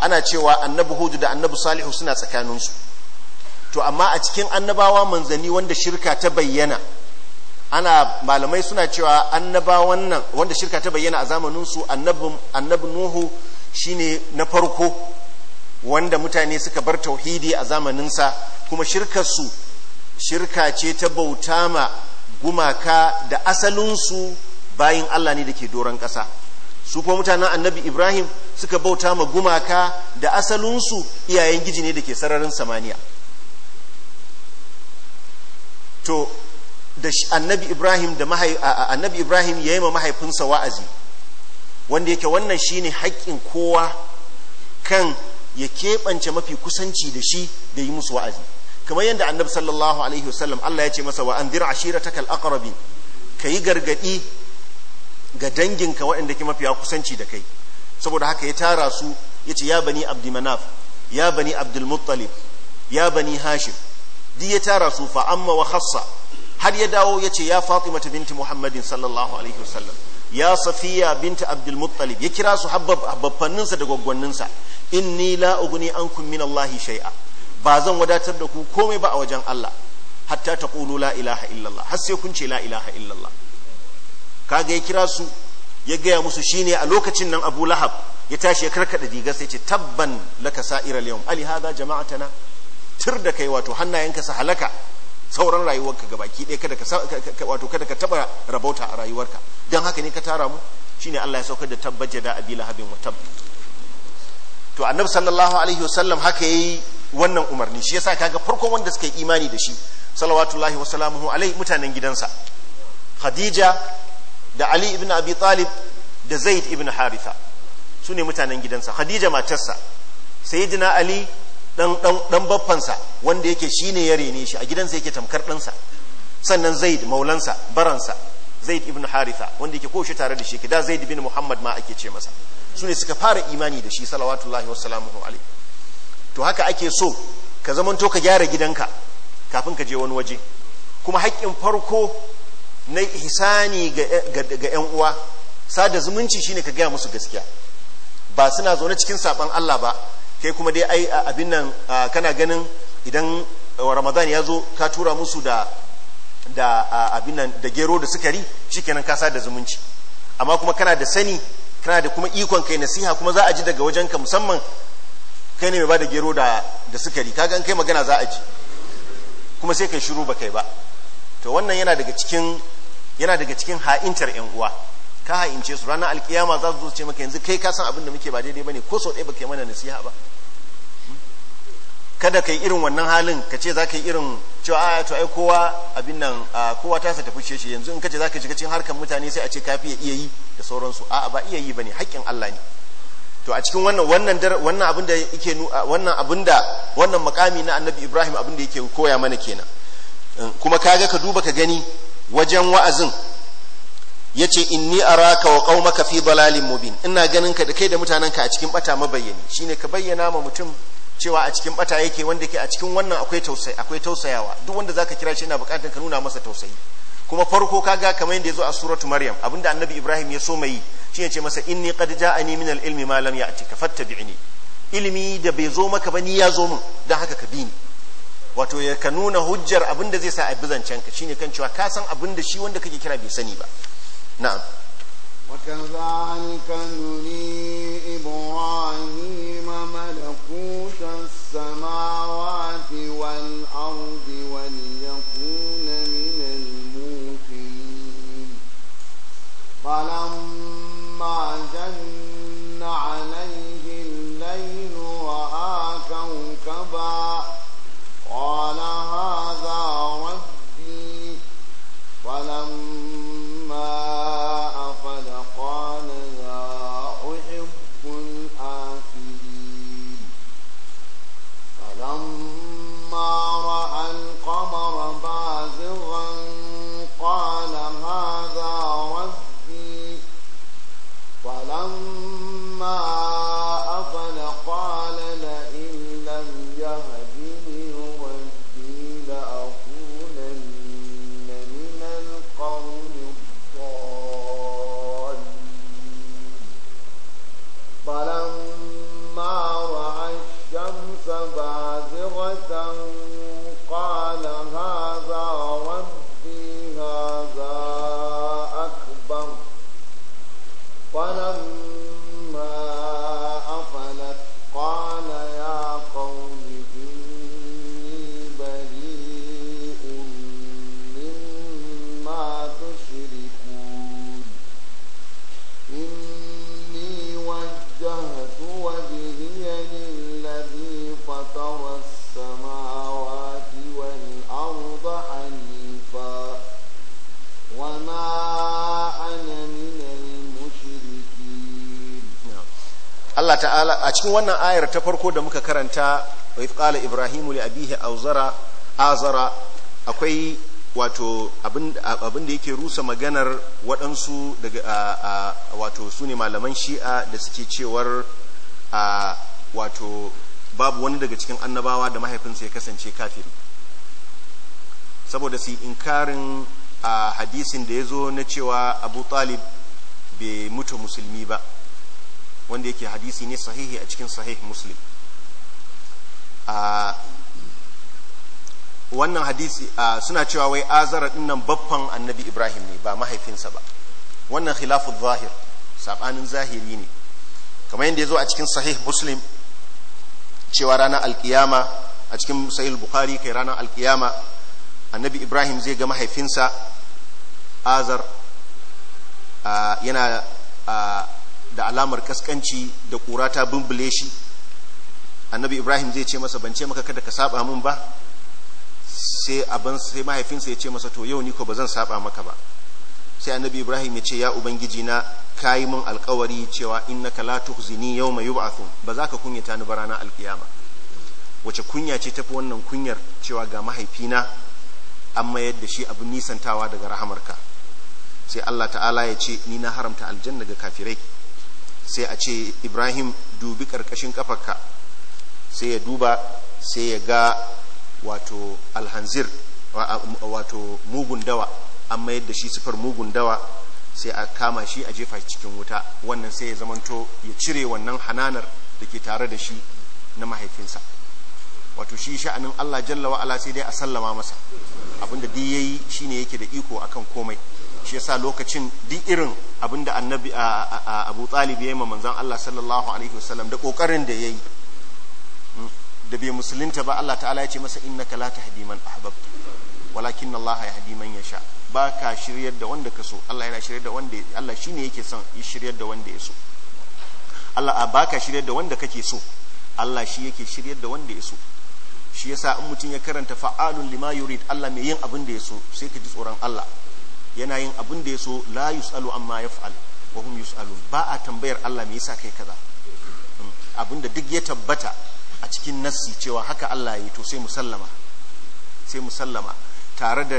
ana cewa annabi hudu da annabi salihu suna tsakaninsu to amma a cikin annabawa manzani wanda shirka ta bayyana ana malamai suna cewa annaba wannan wanda shirka ta bayyana a zamaninsu annabi nuhu shine na farko wanda mutane suka bar tauhidi a zamaninsa kuma shirkarsu shirka ce ta bauta ma gumaka da asalinsu bayin Allah ne da ke doron ƙasa su kuma mutanen annabi ibrahim suka bauta ma gumaka da asalinsu iyayen giji ne da ke sararin samaniya to da annabi ibrahim da annabi ibrahim ya yi ma mahaifinsa wa'azi wanda yake wannan shi ne haƙƙin kowa kan ya keɓance mafi kusanci da shi da yi musu wa'azi kamar yadda annabi sallallahu alaihi wasallam Allah ya ce masa wa anzir ashiratakal aqrabin kayi gargadi ga danginka waɗanda ke mafiya kusanci da kai saboda haka ya tara su yace ya bani abdimanaf ya bani abdulmuttalib ya bani hashim di ya tara su fa amma wa khassa har ya dawo yace ya fatima binti muhammadin sallallahu alaihi wasallam ya safiya binta abdulmuttalib ya kira su habbanninsa da gwaggwanninsa inni la ugni ankum min allahi shay'a ba zan wadatar da ku komai ba a wajen Allah hatta ta ƙulu la ilaha illallah har sai kun ce la ilaha illallah kaga ya kira su ya gaya musu shine a lokacin nan Abu Lahab ya tashi ya karkaɗa digar sai ce tabban laka sa'ira liyam ali jama'a jama'atana tir da kai wato hannayenka sa halaka sauran rayuwarka gabaki ɗaya kada ka wato kada ka taba rabauta a rayuwarka dan haka ne ka tara mu shine Allah ya saukar da tabbaje da abi lahabin wa tab to annabi sallallahu alaihi wasallam haka yayi wannan umarni shi yasa kaga farkon wanda suka yi imani da shi salawatullahi wa salamuhu alai mutanen gidansa khadija da ali ibn abi talib da zaid ibn haritha su ne mutanen gidansa khadija matarsa sayyidina ali dan dan dan baffansa wanda yake shine ya rene shi a gidansa yake tamkar ɗansa sannan zaid maulansa baransa zaid ibn haritha wanda yake koshi tare da shi da zaid bin muhammad ma ake ce masa su ne suka fara imani da shi salawatullahi wa salamuhu alaihi to haka ake so ka zamanto ka gyara gidanka kafin ka je wani waje kuma haƙƙin farko na ihsani ga 'yan uwa sada zumunci shine ka gaya musu gaskiya ba suna zaune cikin saban Allah ba kai kuma dai ai abin nan kana ganin idan Ramadan ya zo ka tura musu da da abin nan da gero da sukari shikenan ka sada zumunci amma kuma kana da sani kana da kuma ikon kai nasiha kuma za a ji daga wajenka musamman kai ne mai bada gero da da sukari kaga an kai magana za a ji kuma sai kai shiru ba kai ba to wannan yana daga cikin yana daga cikin ha'intar yan uwa ka ha'ince su ranar alkiyama za su zo ce maka yanzu kai ka san abin da muke ba daidai bane ko sau ɗaya ba kai mana nasiha ba kada kai irin wannan halin ka ce za ka yi irin cewa a ah, to ai kowa abin nan kowa ta sa tafi shi yanzu in ka ce za ka shiga cikin harkar mutane sai a ce ka fiye iya yi da sauransu a'a ba iya yi bane haƙƙin Allah ne to a cikin wannan wannan wannan abin da yake wannan abin da wannan makami na annabi ibrahim abin da yake koya mana kenan eh, kuma kaga ka duba ka gani wajen wa'azin yace inni araka wa qaumaka fi dalalin mubin ina ganin ka da kai da mutanen ka a cikin bata mabayyani shine ka bayyana ma mutum cewa a cikin bata yake wanda yake a cikin wannan akwai tausayi akwai tausayawa duk wanda zaka kira shi yana buƙatar ka nuna masa tausayi kuma farko kaga kamar yanda yazo a suratu maryam abinda annabi ibrahim ya so mai shi ya ce masa inni qad ja'ani min al-ilmi ma lam ya'tika fattabi'ni ilimi da bai zo maka ba ni ya zo min dan haka ka bi wato ya ka nuna hujjar abin da zai sa a zancen ka shine kan cewa ka san abin da shi wanda kake kira bai sani ba na'am وكذلك kusan إبراهيم ملكوت السماوات والأرض وليكون من الموقنين فلما مما جن عليه الليل رأى كوكبا قال هذا ربي فلما ta'ala a cikin wannan ayar ta farko da muka karanta wa idh ibrahimu li abihi azara akwai wato abin da yake rusa maganar waɗansu daga wato su ne malaman shi'a da suke cewar wato babu wani daga cikin annabawa da mahaifinsa ya kasance kafiri saboda su inkarin a hadisin da ya zo na cewa abu talib bai mutu musulmi ba wanda yake hadisi ne sahihi a cikin sahih muslim a wannan hadisi suna cewa wai azara dinnan baffan annabi ibrahim ne ba mahaifinsa ba wannan khilafu zahir sabanin zahiri ne kamar yadda ya zo a cikin sahih muslim cewa ranar alkiyama a cikin sahih bukhari kai ranar alkiyama annabi ibrahim zai ga mahaifinsa azar yana alamar kaskanci da kura ta bumbule shi annabi ibrahim zai ce masa bance ce maka kada ka saba min ba sai abin sai mahaifinsa ya ce masa to yau ni ba zan saba maka ba sai annabi ibrahim ya ce ya ubangiji na kayi min alkawari cewa innaka la tuhzini yawma yub'athun ba za ka kunyata ni ba ranar alkiyama wace kunya ce tafi wannan kunyar cewa ga mahaifina an mayar da shi abin nisantawa daga rahamarka sai Allah ta'ala ya ce ni na haramta aljanna ga kafirai sai a ce ibrahim dubi ƙarƙashin ƙafarka sai ya duba sai ya ga wato alhanzir wato mugun dawa an mayar da shi sifar mugun dawa sai a kama shi a jefa cikin wuta wannan sai ya zamanto ya cire wannan hananar da ke tare da shi na mahaifinsa wato shi sha'anin Allah jalla wa'ala sai dai a sallama masa abinda yi yayi ne yake da iko akan komai shi yasa lokacin duk irin abinda annabi abu talib ya yi ma manzon Allah sallallahu alaihi wasallam da kokarin da yayi hmm? da bai musulunta ba Allah ta'ala ya ce masa innaka la tahdi man ahbabta walakin Allah yahdi man yasha ba ka shiryar da wanda ka so Allah yana shiryar da wanda Allah shine yake son ya shiryar da wanda ya so Allah a baka shiryar da wanda kake so Allah shi yake shiryar da wanda ya so shi yasa in mutum ya karanta fa'alun lima yurid Allah mai yin abin da ya so sai ka ji tsoron Allah yana yin abin da ya so la yus'alu amma yaf'al wa hum yus'alun ba a tambayar Allah me yasa kai kaza hmm. abin da duk ya tabbata a cikin nassi cewa haka Allah ya yi to sai musallama sai musallama tare da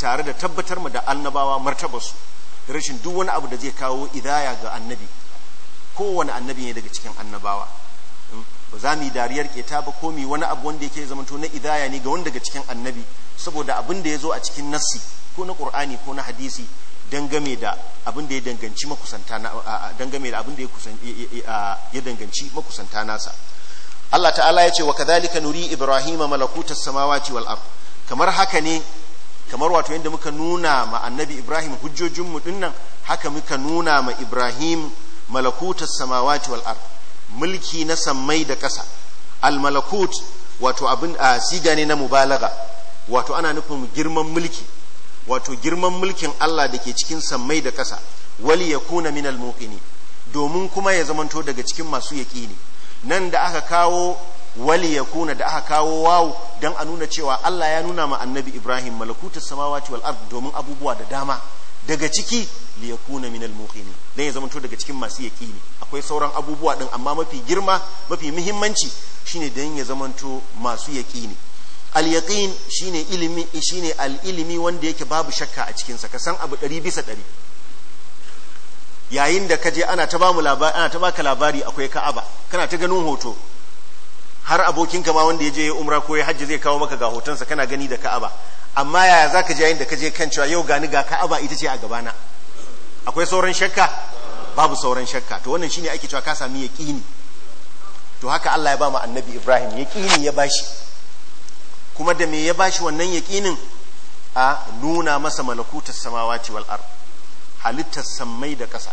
tare da tabbatar mu da annabawa martabarsu da rashin duk wani abu da zai kawo idaya ga annabi kowane annabi ne daga cikin annabawa hmm. ba za mu yi dariyar keta ba ko mu wani abu wanda yake zamanto na idaya ne ga wani daga cikin annabi saboda abin da ya zo a cikin nassi ko na ƙur'ani ko na hadisi dangame da abin da ya danganci makusanta na dangame da abin da ya danganci makusanta nasa Allah ta'ala ya ce wa kadhalika nuri ibrahim malakutas samawati wal ard kamar haka ne kamar wato yadda muka nuna ma annabi ibrahim hujjojin mu dinnan haka muka nuna ma ibrahim malakuta samawati wal ard mulki na sammai da ƙasa al malakut wato abin a siga ne na mubalaga wato ana nufin girman mulki wato girman mulkin Allah da ke cikin sammai da ƙasa wali ya kuna minal muqini domin kuma ya zamanto daga cikin masu yaƙini nan da aka kawo wali ya kuna da aka kawo wawu don a nuna cewa Allah ya nuna ma annabi Ibrahim malakutar samawati wal ard domin abubuwa da dama daga ciki li ya kuna minal muqini don ya zamanto daga cikin masu yaƙini akwai sauran abubuwa din amma mafi girma mafi muhimmanci shine don ya zamanto masu yaƙini al-yaqin shine ilimi shine al-ilimi wanda yake babu shakka a cikin sa ka san abu ɗari bisa ɗari. yayin da kaje ana ta bamu labari ana ta baka labari akwai Ka'aba kana ta ganin hoto har abokin ka ma wanda yaje ya umra ko ya hajji zai kawo maka ga hotonsa kana gani da Ka'aba amma yaya zaka je yayin da kaje kan cewa yau gani ga Ka'aba ita ce a gabana akwai sauran shakka babu sauran shakka to wannan shine ake cewa ka sami yaqini to haka Allah ya ba mu annabi Ibrahim yaqini ya bashi kuma da me ya ba shi wannan yaƙinin a nuna masa malakutar samawa wal ard halittar sammai da ƙasa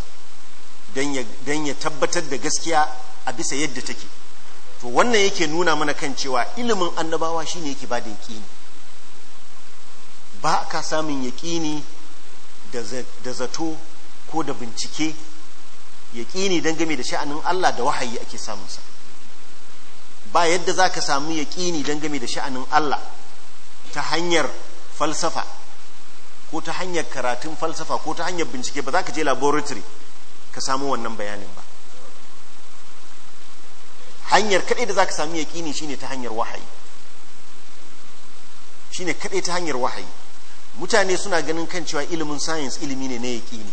don ya tabbatar da gaskiya a bisa yadda take to wannan yake nuna mana kan cewa ilimin annabawa shine yake ba da yaƙini ba ka samun yaƙini da zato ko da bincike yaƙini game da sha'anin Allah da wahayi ake samunsa ba yadda za ka samu yaƙini game da sha'anin Allah ta hanyar falsafa ko ta hanyar karatun falsafa ko ta hanyar bincike ba za ka je laboratory ka samu wannan bayanin ba hanyar kaɗai da za ka samu yaƙini shine ta hanyar wahayi shine kaɗai ta hanyar wahayi mutane suna ganin kan cewa ilimin science ilimi ne na yaƙini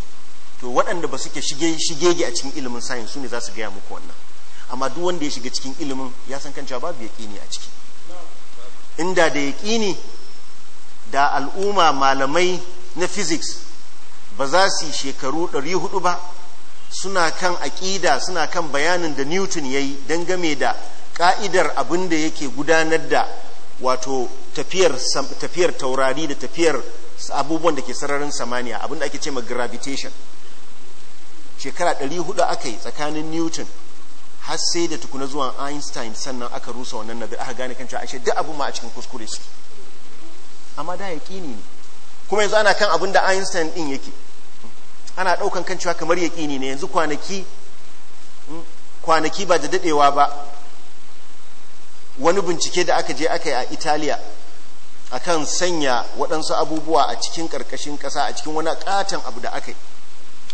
to waɗanda ba suke shige shigege a cikin ilimin science su ne za su gaya muku wannan amma duk wanda ya shiga cikin ilimin ya san kan cewa babu yaƙini a ciki inda da ya yaƙini da al'umma malamai na physics ba za su yi shekaru 400 ba suna kan aƙida suna kan bayanin da newton ya yi game da ƙa'idar abin da yake gudanar da wato tafiyar taurari da tafiyar abubuwan da ke sararin samaniya abin da ake ce ma gravitation shekara 400 aka yi tsakanin newton har sai da tukuna zuwan Einstein sannan aka rusa wannan nazari aka gane kan cewa ashe duk abun ma a cikin kuskure su amma da yaqini ne kuma yanzu ana kan abin da Einstein din yake ana ɗaukan kan cewa kamar yaqini ne yanzu kwanaki hmm, kwanaki ba da daɗewa ba wani bincike da aka je aka yi a Italiya akan sanya waɗansu abubuwa a cikin ƙarƙashin ƙasa a cikin wani ƙaton abu da aka yi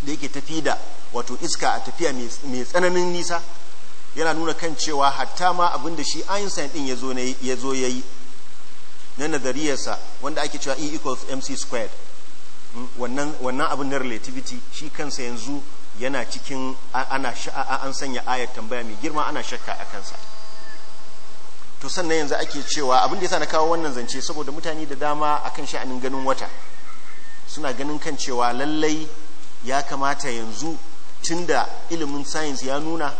da yake tafi da wato iska a tafiya mai tsananin nisa yana nuna kan cewa hatta ma abin da shi Einstein din ya zo ya yi na nazariyarsa wanda ake cewa E equals mc squared hmm, wannan abin na relativity shi kansa yanzu yana cikin ana sha'a an sanya ayar tambaya mai girma ana shakka a kansa to sannan yanzu ake cewa abin da yasa na kawo wannan zance saboda mutane da dama akan sha'anin ganin wata suna ganin kan cewa lallai ya kamata yanzu tunda ilimin science ya nuna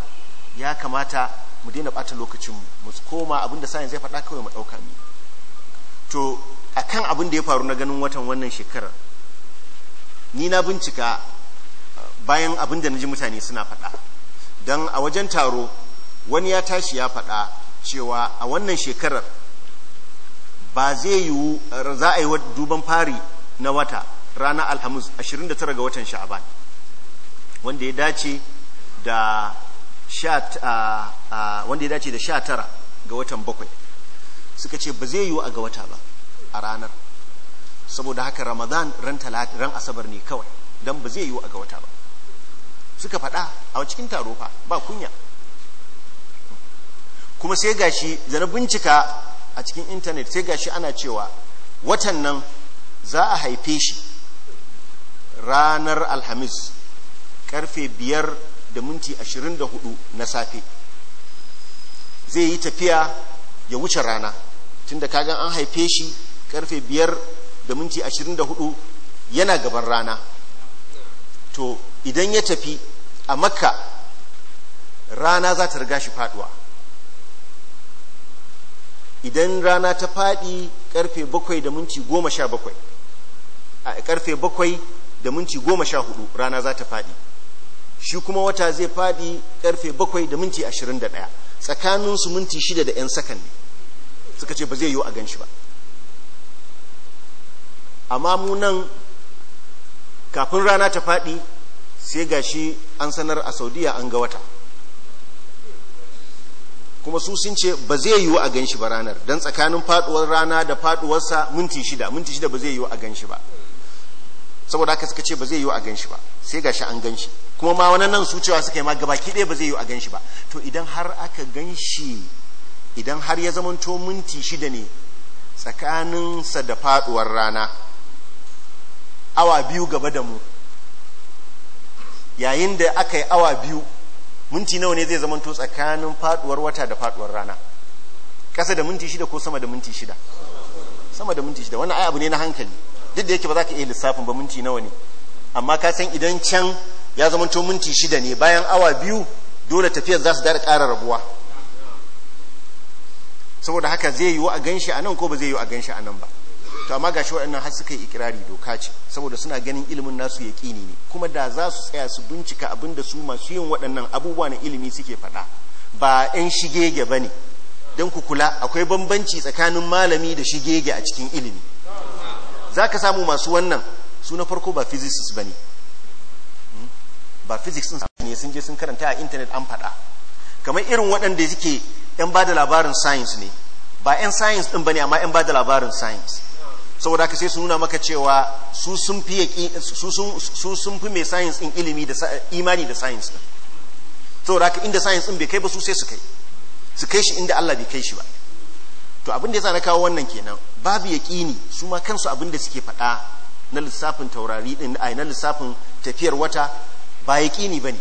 ya kamata mu daina bata lokacinmu mu koma abinda yanzu zai faɗa kawai mu ɗauka mu to akan abin da ya faru na ganin watan wannan shekarar ni na bincika uh, bayan abin da na ji mutane suna faɗa don a wajen taro wani ya tashi ya faɗa cewa a wannan shekarar ba zai yiwu uh, za a yi duban fari na wata ranar alhamis 29 ga watan sha'aban wanda ya dace da Ah, ah, wanda ya dace da sha tara ga watan bakwai suka ce ba zai yiwu a ga wata ba a ranar saboda haka ramadan ran talat ran asabar ne kawai don ba zai yiwu a ga wata ba suka faɗa a cikin taro fa ba kunya kuma sai gashi zana bincika a cikin intanet sai gashi ana cewa watan nan za a haife shi ranar alhamis karfe biyar da minti ashirin da hudu na safe zai yi tafiya ya wuce rana tunda kagan an haife shi karfe biyar da minti ashirin da hudu yana gaban rana to idan ya tafi a makka rana za ta riga shi faduwa idan rana ta fadi karfe bakwai da minti goma sha bakwai a karfe bakwai da minti goma sha hudu rana za ta fadi shi kuma wata zai faɗi karfe bakwai da minti ashirin da ɗaya tsakanin su minti shida da 'yan sakanni suka ce ba zai yiwu a gan shi ba amma mu nan kafin rana ta faɗi sai ga shi an sanar a saudiya an ga wata kuma su sun ce ba zai yiwu a gan shi ba ranar don tsakanin faɗuwar rana da faɗuwarsa minti shida minti shida ba zai yiwu a gan shi ba saboda haka suka ce ba zai yiwu a ganshi ba sai ga shi an ganshi kuma ma wannan nan su cewa suka yi ma gabaki ɗaya ba zai yiwu a ganshi ba to idan har aka ganshi idan har ya zamanto minti shida ne tsakaninsa da faduwar rana awa biyu gaba da mu yayin da aka yi awa biyu minti nawa ne zai zamanto tsakanin faduwar wata da faduwar rana kasa da minti shida ko sama da minti shida sama da minti shida wannan ai abu ne na hankali duk da yake ba za ka iya lissafin ba minti nawa ne amma ka san idan can ya zama zamanto minti shida ne bayan awa biyu dole tafiyar za su dara ƙara rabuwa saboda haka zai yiwu a ganshi a nan ko ba zai yiwu a ganshi a nan ba to amma gashi waɗannan har suka yi ikirari doka ce saboda suna ganin ilimin nasu ya ƙini ne kuma da za su tsaya su bincika abin da su masu yin waɗannan abubuwa na ilimi suke faɗa ba 'yan shigege ba ne don ku kula akwai bambanci tsakanin malami da shigege a cikin ilimi za ka samu masu wannan su na farko ba physics hmm? ba ne ba physics ne sun je sun karanta a intanet an fada kamar irin waɗanda suke 'yan ba da labarin science ne ba 'yan science ɗin ba ne amma 'yan ba da labarin science saboda ka sai su nuna maka cewa su sun fi mai science din ilimi da imani da science ɗin saboda ka inda science din bai kai ba su sai su kai su kai shi inda Allah bai kai shi ba to abin da ya sa na kawo wannan kenan babu yaƙini su ma kansu abin da suke faɗa na lissafin taurari ɗin ai na lissafin tafiyar wata ba yaƙini ba ne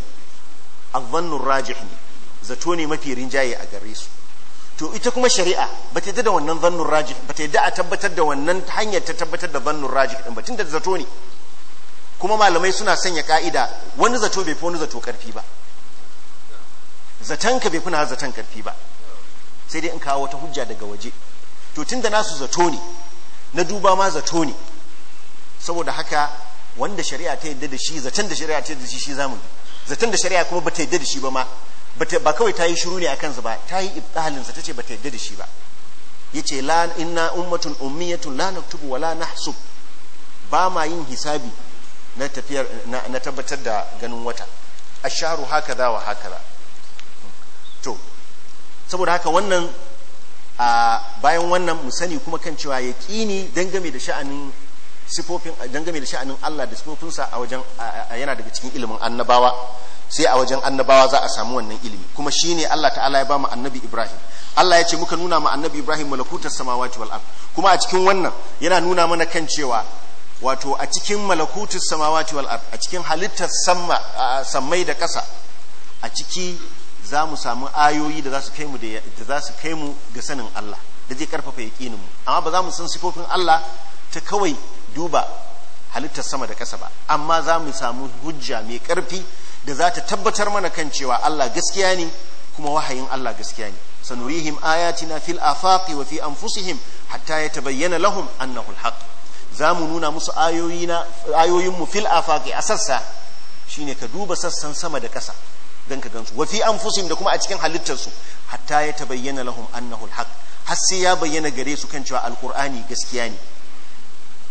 azzannun rajih ne zato ne mafi rinjaye a gare su to ita kuma shari'a ba ta yi da wannan zannun rajih ba ta yadda a tabbatar da wannan hanyar ta tabbatar da zannun rajih ɗin ba da zato ne kuma malamai suna sanya ka'ida wani zato bai fi wani zato ƙarfi ba zatanka bai fi na zaton ƙarfi ba sai dai in kawo wata hujja daga waje to tun da nasu zato ne na duba ma zato ne saboda haka wanda shari'a ta yadda da shi zaton da shari'a ta yadda da shi shi zamu zaton da shari'a kuma bata yadda da shi ba ma ba kawai ta yi shiru ne a kan ba ta yi ta ce tace bata yadda da shi ba yace la inna ummatun ummiyatun la naktubu wa la nahsub ba ma yin hisabi na tabbatar da ganin wata asharu hakaza wa hakaza to saboda haka wannan a bayan wannan mu sani kuma kan cewa ya ƙini dangame da sha'anin sifofin dangame da sha'anin Allah da sifofinsa a wajen yana daga cikin ilimin annabawa sai a wajen annabawa za a samu wannan ilimi kuma shi ne Allah ta'ala ya ba mu annabi Ibrahim Allah ya ce muka nuna ma annabi Ibrahim malakutar samawati wal ard kuma a cikin wannan yana nuna mana kan cewa wato a cikin malakutus samawati wal ard a cikin halittar samma sammai da ƙasa a ciki za mu samu ayoyi da za su kai mu da za su kai mu ga sanin Allah da zai karfafa yaqinin mu amma ba za mu san sifofin Allah ta kawai duba halittar sama da ƙasa ba amma za mu samu hujja mai ƙarfi da za ta tabbatar mana kan cewa Allah gaskiya ne kuma wahayin Allah gaskiya ne sanurihim ayatina fil afaqi wa fi anfusihim hatta yatabayyana lahum annahu alhaq za mu nuna musu ayoyina ayoyin mu fil afaqi a sassa shine ka duba sassan sama da ƙasa dan ka gansu wafi fi anfusihim da kuma a cikin halittarsu hatta ya tabayyana lahum annahu alhaq har sai ya bayyana gare su kan cewa alqur'ani gaskiya ne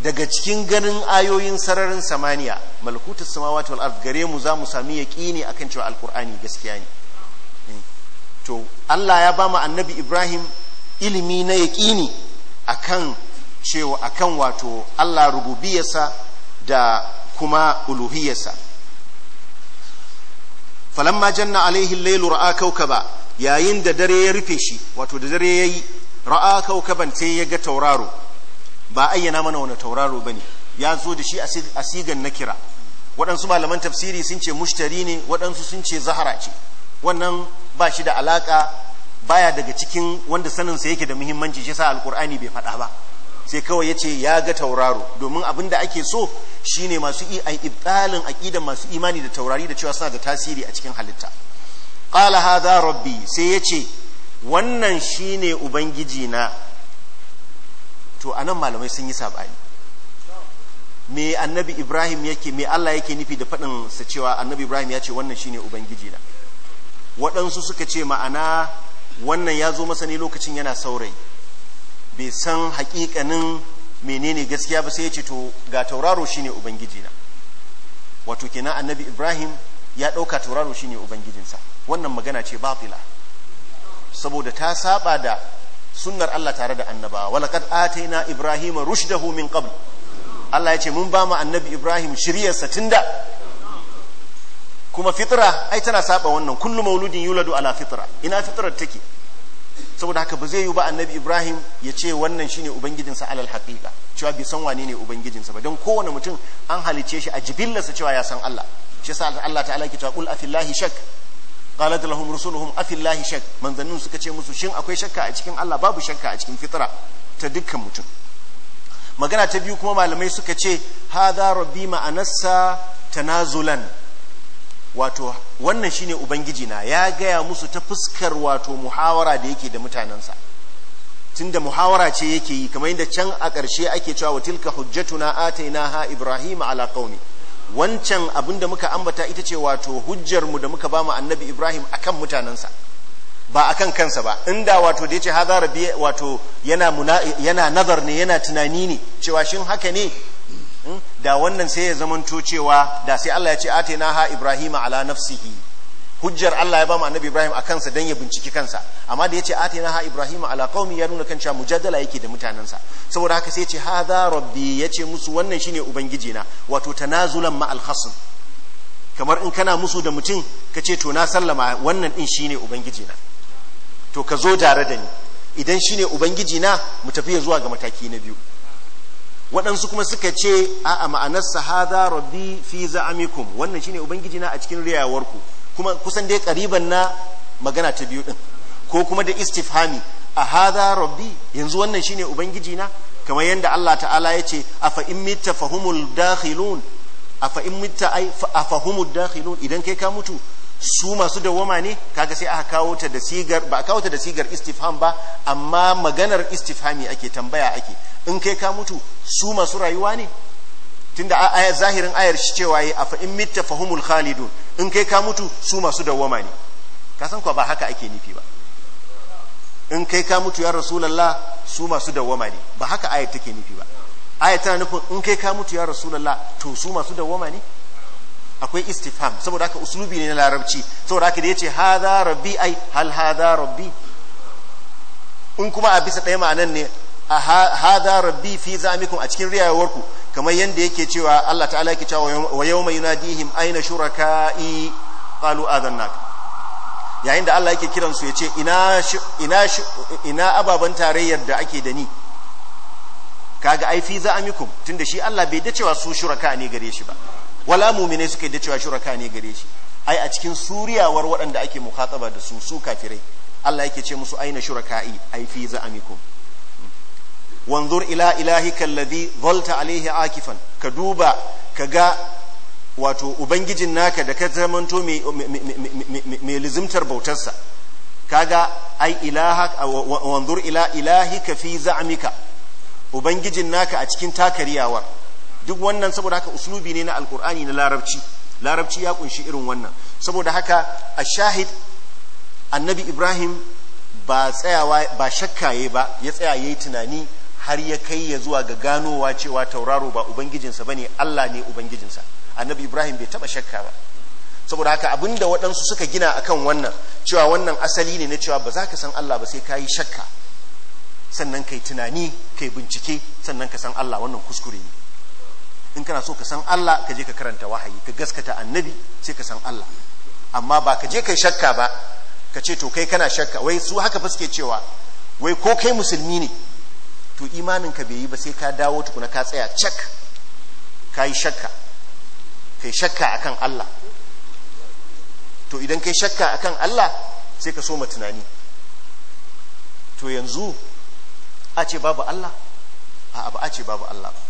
daga cikin ganin ayoyin sararin samaniya malakutus samawati wal ard gare mu za mu sami yaqini akan cewa alqur'ani gaskiya ne hmm. to Allah ya ba mu annabi Ibrahim ilimi na yaqini akan cewa akan wato Allah rububiyarsa da kuma uluhiyarsa falamma janna alaihi lailu ra'a kaukaba yayin da dare ya rufe shi wato da dare yayi ra'a kaukaban sai ya ga tauraro ba ayyana mana wani tauraro bane ya zo da shi asigan sigan na kira waɗansu malaman tafsiri sun ce mushtari ne waɗansu sun ce zahara ce wannan ba shi da alaƙa baya daga cikin wanda saninsa yake da muhimmanci shi sa alkur'ani bai faɗa ba sai kawai ya ce ya ga tauraro domin abin da ake so shine masu a ibtalin aqidan masu imani da taurari da cewa suna da tasiri a cikin halitta qala hadha rabbi sai ya ce wannan shine ubangiji na to anan malamai sun yi sabani me annabi ibrahim yake me Allah yake nufi da faɗin sa cewa annabi ibrahim ya ce wannan shine ubangiji na waɗansu suka ce ma'ana wannan ya zo masa ne lokacin yana saurayi bai san hakikanin menene gaskiya ba sai ya ce to ga tauraro shine ubangiji na wato kenan annabi ibrahim ya dauka tauraro shine ubangijinsa wannan magana ce batila saboda ta saba da sunnar Allah tare da annabawa walakad ataina ibrahima rushdahu min qabl Allah ya ce mun ba mu annabi ibrahim shiryarsa tunda kuma fitra ai tana saba wannan kullu mauludin yuladu ala fitra ina fitrar take saboda haka ba zai yi ba annabi ibrahim ya ce wannan shine ubangijinsa alal hakika cewa bai san wane ne ubangijinsa ba don kowane mutum an halice shi a jibillarsa cewa ya san allah shi yasa allah ta'ala ke cewa qul afillahi shak qalat lahum rusuluhum afillahi shak manzannin suka ce musu shin akwai shakka a cikin allah babu shakka a cikin fitra ta dukkan mutum magana ta biyu kuma malamai suka ce hadha rabbi ma'anassa tanazulan wato wannan shine ubangiji na ya gaya musu ta fuskar wato muhawara da yake da mutanensa tunda muhawara ce yake yi kamar yadda can a ƙarshe ake cewa wa tilka hujjatuna ha ibrahim ala qaumi wancan abin da muka ambata ita ce wato hujjar mu da muka mu annabi ibrahim akan mutanensa ba akan kansa ba inda wato da yace hadha rabbi wato yana muna, yana nazar ne yana tunani ne cewa shin haka ne da wannan sai ya zamanto cewa da sai Allah ya ce atena ha Ibrahim ala nafsihi hujjar Allah ya ba mu annabi Ibrahim a kansa dan ya binciki kansa amma da ya ce a atena ha Ibrahim ala qaumi ya nuna kanca mujadala yake da mutanansa saboda haka sai ya ce hadha rabbi ce musu wannan shine ubangiji na wato tanazulan ma al khasm kamar in kana musu da mutum ka ce to na sallama wannan din shine ubangiji na to ka zo tare da ni idan shine ubangiji na mu tafi zuwa ga mataki na biyu waɗansu kuma suka ce a ma'anarsa haza rabbi fi za'amikum wannan shine ubangiji na a cikin riyawarku kuma kusan dai kariban na magana ta biyu din ko kuma da istifhami a haza rabbi yanzu wannan shine ubangiji na kamar yadda Allah ta'ala ya ce afa in mitta fahumul dakhilun afa in mitta ai fahumud dakhilun idan kai ka mutu su masu dawoma ne kaga sai aka kawo ta da sigar ba a kawo ta da sigar istifham ba amma maganar istifhami ake tambaya ake in kai ka mutu su masu rayuwa ne tunda ayar zahirin ayar shi cewa yi afa in mitta fahumul khalidun in kai ka mutu su masu dawoma ne ka san ba haka ake nufi ba in kai ka mutu ya rasulullah su masu dawoma ne ba haka ayar take nufi ba ayar tana nufin in kai ka mutu ya rasulullah to su masu dawoma ne akwai istifham saboda haka uslubi ne na larabci saboda haka da yace hadha rabbi ai hal hadha rabbi in kuma a bisa ɗaya ma'anan ne hadha rabbi fi zamikum a cikin riyawarku kamar yanda yake cewa Allah ta'ala yake cewa wa yawma yunadihim aina shuraka'i qalu adannak yayin da Allah yake kiran su yace ina ina ina ababan tarayyar da ake da ni kaga ai fi za'amikum tunda shi Allah bai da cewa su shuraka ne gare shi ba wala mu'mine suka da cewa shuraka ne gare shi ai a cikin suriyawar waɗanda ake mukhataba da su su kafirai Allah yake ce musu aina shuraka'i ai fi amikum wanzur ila ilahika alladhi dhalta alayhi akifan ka duba ka ga wato ubangijin naka da ka zamanto mai lizimtar bautarsa kaga ai ilaha wanzur ila ilahika fi za'amika ubangijin naka a cikin takariyawar duk wannan saboda haka uslubi ne na alkur'ani na larabci larabci ya kunshi irin wannan saboda haka a shahid annabi ibrahim ba tsayawa ba shakkaye ba ya tsaya yayi tunani har ya kai ya zuwa ga ganowa cewa tauraro ba ubangijinsa bane Allah ne ubangijinsa annabi ibrahim bai taba shakka ba saboda haka abinda waɗansu suka gina akan wannan cewa wannan asali ne na cewa ba za ka san Allah ba sai ka yi shakka sannan kai tunani kai bincike sannan ka san Allah wannan kuskure ne kana so ka san Allah ka je ka karanta wahayi ka gaskata annabi sai ka san Allah amma ba ka je kai shakka ba ka ce to kai kana shakka wai su haka fa suke cewa wai ko kai musulmi ne to imanin ka bai yi ba sai ka dawo tukuna ka tsaya cak ka yi shakka kai shakka akan Allah to idan kai shakka akan Allah sai ka soma tunani to yanzu a ce babu Allah a ba a ce babu Allah ba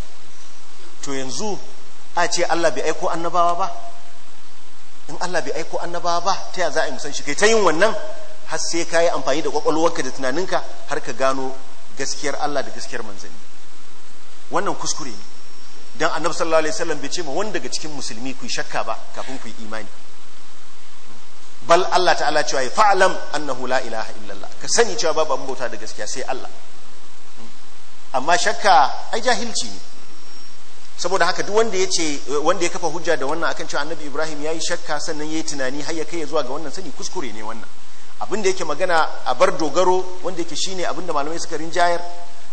to yanzu a ce Allah bai aiko annabawa ba in Allah bai aiko annabawa ba ta za a yi musan shi kai ta yin wannan har sai ka yi amfani da kwakwalwarka da tunaninka har ka gano gaskiyar Allah da gaskiyar manzanni wannan kuskure ne dan annabi sallallahu alaihi wasallam bai ce ma wanda daga cikin musulmi ku shakka ba kafin ku yi imani bal Allah ta'ala cewa ya fa'alam annahu la ilaha illallah ka sani cewa babu bauta da gaskiya sai Allah amma shakka ai jahilci ne saboda haka duk wanda ya ce wanda ya kafa hujja da wannan akan cewa annabi ibrahim ya yi shakka sannan ya yi tunani har ya kai zuwa ga wannan sani kuskure ne wannan abin da yake magana a bar dogaro wanda yake shine abin da malamai suka rinjayar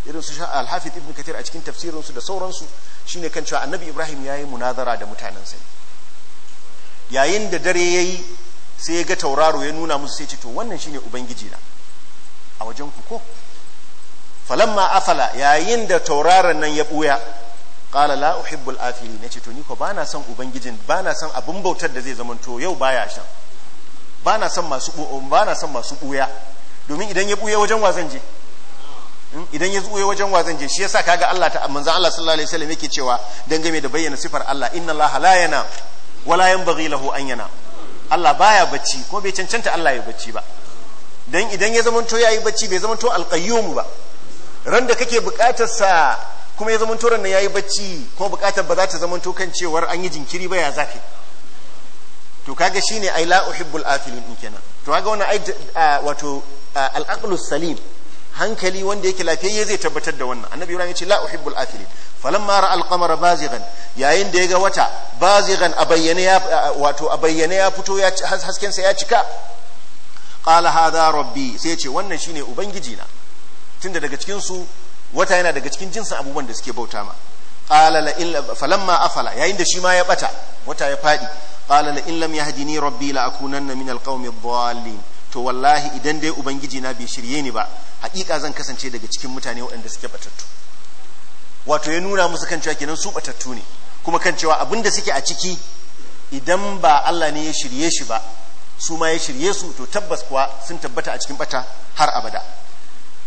irin su alhafiz ibn katir a cikin tafsirinsu da sauransu shine kan cewa annabi ibrahim ya yi munazara da mutanen sani. yayin da dare ya yi sai ya ga tauraro ya nuna musu sai ce to wannan shine ubangiji na a wajen ku ko falamma afala yayin da tauraron nan ya buya qala la uhibbul afilin nace to ni ko bana son ubangijin bana son abin bautar da zai zamanto yau baya shan bana son masu bana son masu buya domin idan ya buya wajen wazan je hmm? idan ya buya wajen wazan je shi yasa kaga Allah ta manzo Allah sallallahu alaihi wasallam yake cewa dangane da bayyana sifar Allah inna Allah la yana wala yanbaghi lahu an yana Allah baya bacci ko bai cancanta Allah ya bacci ba dan idan ya zamanto yayi bacci bai zamanto alqayyum ba ran da kake bukatar sa kuma ya zamanto ran ya yi bacci kuma bukatar ba za ta zamanto kan cewar an yi jinkiri ba ya zafi to kaga shine ai la uhibbul afilin in kenan to kaga wani ai wato al salim hankali wanda yake lafiyayye zai tabbatar da wannan annabi ibrahim ya ce la uhibbul afilin falamma ra al-qamara bazighan yayin da yaga wata bazighan a bayyane ya wato a bayyane ya fito ya hasken sa ya cika qala hadha rabbi sai ya ce wannan shine ubangiji na tunda daga cikin su wata yana daga cikin jinsin abubuwan da suke bauta ma qala la in falamma afala yayin da shi ma ya bata wata ya fadi qala la in lam yahdini rabbi la akunanna min alqawmi dhallin to wallahi idan dai ubangiji na bai shirye ni ba hakika zan kasance daga cikin mutane waɗanda suke batattu wato ya nuna musu kan cewa kenan su batattu ne kuma kan cewa abinda suke a ciki idan ba Allah ne ya shirye shi ba su ma ya shirye su to tabbas kuwa sun tabbata a cikin bata har abada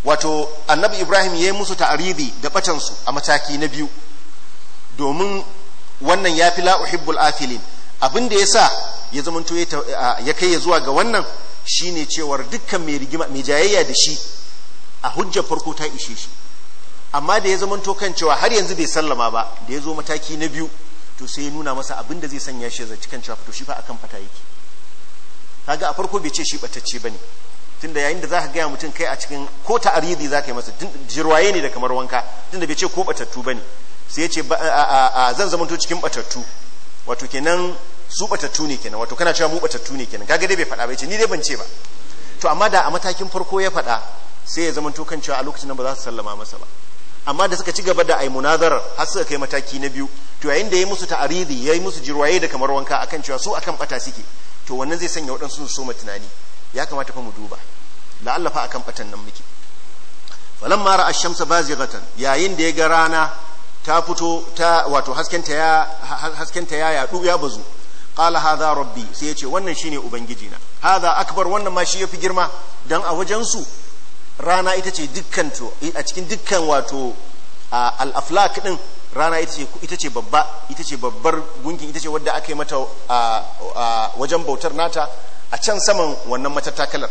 wato annabi ibrahim ya yi musu ta'aridi da bacansu a mataki na biyu domin wannan ya fi la'uhibbul afilin abin da ya sa ya zamanto ya kai ya zuwa ga wannan shine cewar dukkan mai rigima mai jayayya da shi a hujjar farko ta ishe shi amma da ya zamanto kan cewa har yanzu bai sallama ba da ya zo mataki na biyu to sai ya nuna masa abin da zai sanya shi ya zaci kan cewa fito shi fa akan fata yake kaga a farko bai ce shi batacce ne. tunda yayin da za ka gaya mutum kai a cikin ko ta'aridi za ka yi masa jirwaye ne da kamar wanka tunda bai ce ko batattu ba ne sai ya ce zan zamanto cikin batattu wato kenan su batattu ne kenan wato kana cewa mu batattu ne kenan kaga dai bai faɗa bai ce ni dai ban ce ba to amma da a matakin farko ya faɗa sai ya zamanto kan cewa a lokacin nan ba za su sallama masa ba amma da suka ci gaba da ai munazarar har suka kai mataki na biyu to yayin da ya musu ta'aridi ya yi musu jirwaye da kamar wanka akan cewa su akan bata suke to wannan zai sanya waɗansu su soma tunani ya kamata fa mu duba la'alla fa akan batan nan muke falamma ra'a ash-shamsa bazighatan yayin da ya ga rana ta fito ta wato haskenta ya haskenta ya yadu ya bazu qala hadha rabbi sai yace ce wannan shine ubangiji na hadha akbar wannan ma shi yafi girma dan a wajen su rana ita ce dukkan to a cikin dukkan wato al-aflak din rana ita ce babba ita ce babbar gungin ita ce wadda aka yi mata wajen bautar nata a can saman wannan matattakalar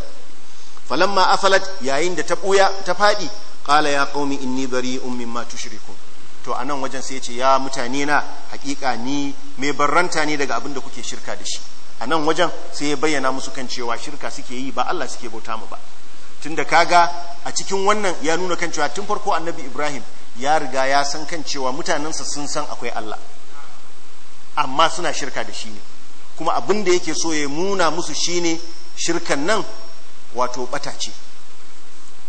falamma afalat yayin da ta buya ta fadi qala ya qaumi inni bari'un mimma tushriku to anan wajen sai ya ce ya mutane na hakika ni mai barranta ne daga abin da kuke shirka da shi anan wajen sai ya bayyana musu kan cewa shirka suke yi ba Allah suke bauta mu ba tunda kaga a cikin wannan ya nuna kan cewa tun farko annabi Ibrahim ya riga ya san kan cewa mutanensa sun san akwai Allah amma suna shirka da shi ne kuma abin da yake so ya nuna musu shine shirkan nan wato bata ce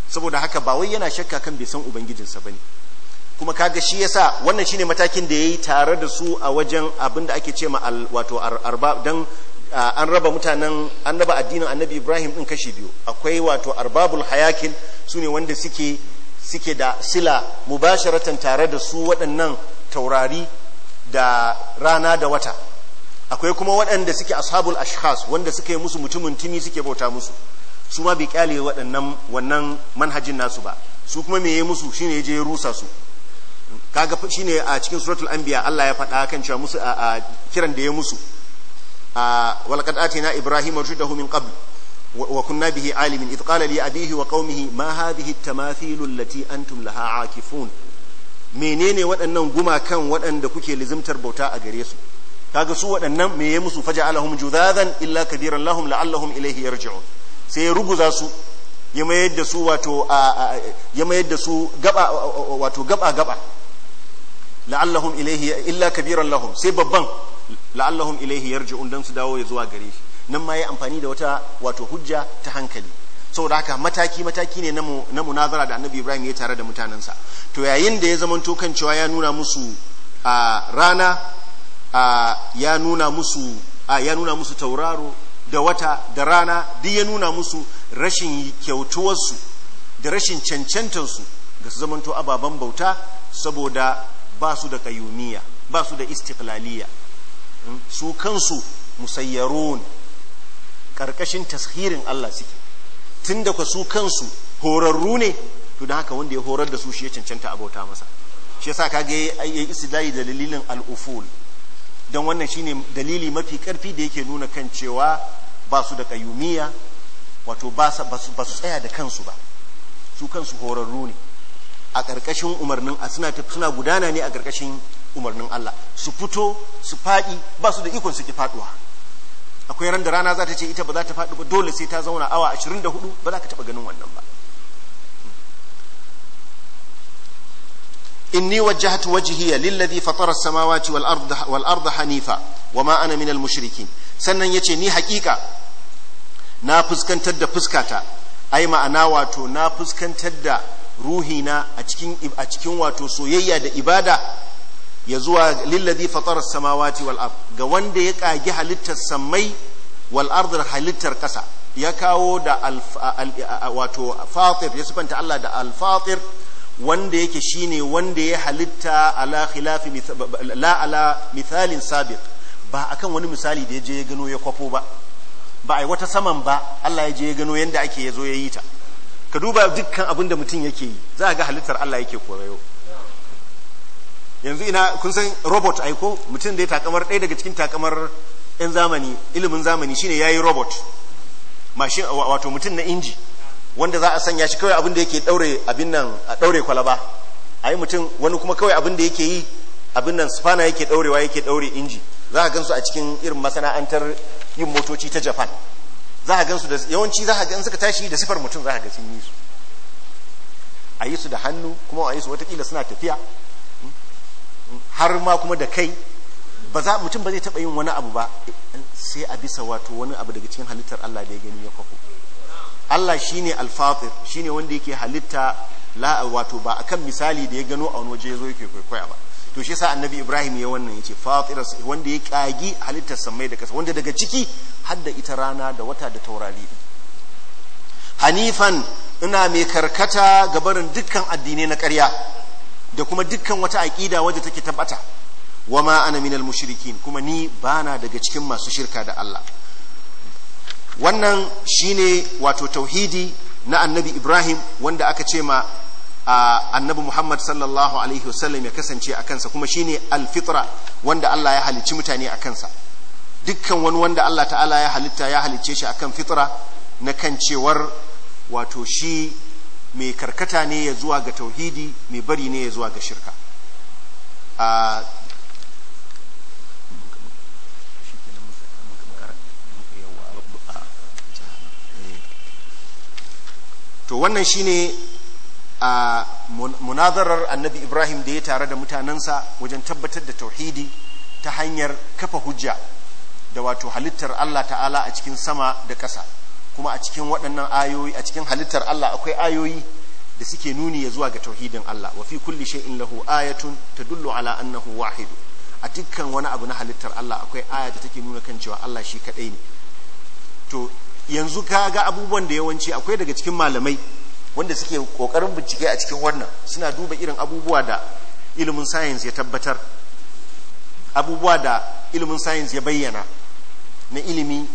saboda haka ba wai yana shakka kan bai san ubangijinsa bane kuma kaga shi yasa wannan shine matakin da yayi tare da su a wajen abin da ake ce ma wato arba dan an raba mutanen an raba addinin annabi ibrahim din kashi biyu akwai wato arbabul hayakin sune wanda suke suke da sila mubasharatan tare da su waɗannan taurari da rana da wata akwai kuma waɗanda suke ashabul ashkhas wanda suke musu mutumin tuni suke bauta musu su ma bi kyale waɗannan wannan manhajin nasu ba su kuma me ya musu shine ya je ya rusa su kaga shine a cikin suratul anbiya Allah ya faɗa kan cewa musu a kiran da ya musu a walaqad atina ibrahima rushdahu min qabl wa kunna bihi alimin id qala li abihi wa qaumihi ma hadhihi at-tamathil allati antum laha akifun menene waɗannan gumakan waɗanda kuke lizimtar bauta a gare su kaga su waɗannan me ya musu faja alahum judadan illa kadiran lahum la'allahum ilaihi yarji'un sai ya ruguza su ya mayar da su wato ya mayar da su gaba wato gaba gaba la'allahum ilaihi illa kabiran lahum sai babban la'allahum ilaihi yarji'un dan su dawo ya zuwa gare shi nan ma ya amfani da wata wato hujja ta hankali saboda haka mataki mataki ne na munazara da annabi ibrahim ya tare da mutanensa to yayin da ya zamanto kan cewa ya nuna musu a rana ya nuna musu ya nuna musu tauraro da wata da rana duk ya nuna musu rashin kyautuwarsu da rashin cancantansu ga su zamanto ababen bauta saboda ba su da kayumiya ba su da istiklaliya hmm? su kansu musayyaron ƙarƙashin tashirin Allah suke tun da su kansu horarru ne to da haka wanda ya horar da su shi ya cancanta abauta masa shi yasa kage ya yi istidlali da dalilin al'uful don wannan shine dalili mafi karfi da yake nuna kan cewa ba su da kayumiya wato ba su tsaya da kansu ba su kansu horarru ne a ƙarƙashin umarnin suna suna gudana ne a ƙarƙashin umarnin Allah su fito su faɗi ba su da ikon su ki faɗuwa akwai ran da rana za ta ce ita ba za ta faɗi ba dole sai ta zauna awa 24 ba za ka taɓa ganin wannan ba inni wajjahtu wajhiya lillazi fatara as-samawati wal arda wal arda hanifa wama ana minal mushrikin sannan yace ni hakika na fuskantar da fuskata ai ma'ana wato na fuskantar da ruhina a cikin wato soyayya da ibada ya zuwa lillazi fatara samawati wal ard ga wanda ya kagi halittar sammai wal ard halittar kasa ya kawo da wato fatir ya sifanta Allah da al wanda yake shine wanda ya halitta ala khilafi la ala misalin sabiq ba akan wani misali da ya je ya gano ya kwafo ba ba ai wata saman ba Allah ya je ya gano yanda ake yazo ya yi ta ka duba dukkan abin da mutum yake yi za a ga halittar Allah yake koyo. yanzu ina kun san robot aiko mutum da ya takamar ɗaya daga cikin takamar yan zamani ilimin zamani shine yayi robot mashin wato mutum na inji wanda za a sanya shi kawai abin da yake daure abin nan a daure kwalaba a yi mutum wani kuma kawai abin da yake yi abin nan sufana yake daurewa yake daure inji za a gansu a cikin irin masana'antar yin motoci ta japan za a gansu da yawanci za a gan suka tashi da sifar mutum za a ga sun yi su a yi su da hannu kuma a yi su watakila suna tafiya hmm, har ma kuma da kai ba za mutum ba zai taɓa yin wani abu ba sai a bisa wato wani abu daga cikin halittar Allah da ya gani ya kwafo Allah shi ne alfafir shi ne wanda yake halitta la wato ba a kan misali da ya gano a wani waje ya zo yake kwaikwaya ba to shi yasa annabi Ibrahim ya wannan yace fatir wanda ya kagi halittar samai da kasa wanda daga ciki har da ita rana da wata da taurari hanifan ina mai karkata ga barin dukkan addinai na karya da kuma dukkan wata aƙida wadda take tabbata wa ma ana minal mushrikin kuma ni bana daga cikin masu shirka da Allah wannan shine wato tauhidi na annabi ibrahim wanda aka ce ma annabi muhammad sallallahu alaihi wasallam ya kasance a kansa kuma shine alfitra wanda allah ya halicci mutane a kansa dukkan wani wanda allah ta'ala ya halitta ya halicce shi akan fitra na kan cewar wato shi mai karkata ne ya zuwa ga tauhidi mai bari ne ya zuwa ga shirka to wannan shine a munazarar annabi ibrahim da ya tare da mutanensa wajen tabbatar da tauhidi ta hanyar kafa hujja da wato halittar allah ta'ala a cikin sama da ƙasa kuma a cikin waɗannan ayoyi a cikin halittar allah akwai ayoyi da suke nuni ya zuwa ga tauhidin allah wa fi kulli shay'in lahu ayatun tadullu ala annahu wahidu a dukkan wani abu na halittar allah akwai aya da take nuna kan cewa allah shi kaɗai ne to yanzu ka ga abubuwan da yawanci akwai daga cikin malamai wanda suke kokarin bincike a cikin wannan suna duba irin abubuwa da ilimin science ya tabbatar abubuwa da ilimin science ya bayyana na ilimi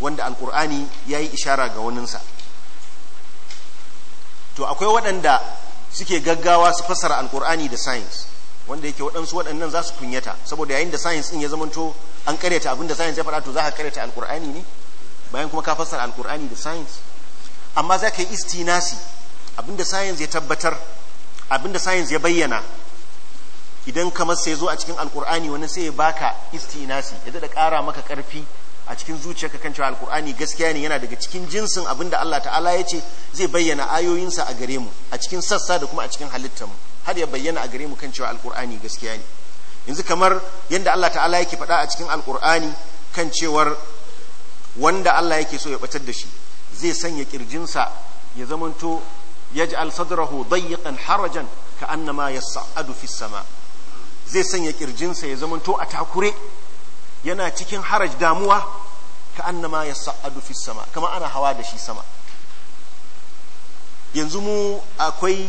wanda alkur'ani ya yi ishara ga waninsa to akwai waɗanda suke gaggawa su fassara alkur'ani da science wanda yake waɗansu waɗannan za su kunyata saboda yayin da science ɗin ya zamanto an karyata abin da science ya faɗa to za ka karyata alkur'ani ne bayan kuma ka fassara alkur'ani da science amma za ka yi istinasi abinda science ya tabbatar abinda science ya bayyana idan kamar sai zo a cikin alkur'ani wani sai ya baka istinasi ya da ƙara maka ƙarfi a cikin zuciya kan cewa alkur'ani gaskiya ne yana daga cikin jinsin abin da Allah ta'ala ya ce zai bayyana ayoyinsa a gare mu a cikin sassa da kuma a cikin halittar mu har ya bayyana a gare mu kan cewa alkur'ani gaskiya ne yanzu kamar yadda Allah ta'ala yake faɗa a cikin alkur'ani kan cewar wanda Allah yake so ya batar da shi zai sanya kirjinsa ya zamanto yaj'al sadrahu dayyiqan harajan ka annama yas'adu fi sama zai sanya kirjinsa ya zamanto a takure yana cikin haraj damuwa ka annama yas'adu fi sama kama ana hawa da shi sama yanzu mu akwai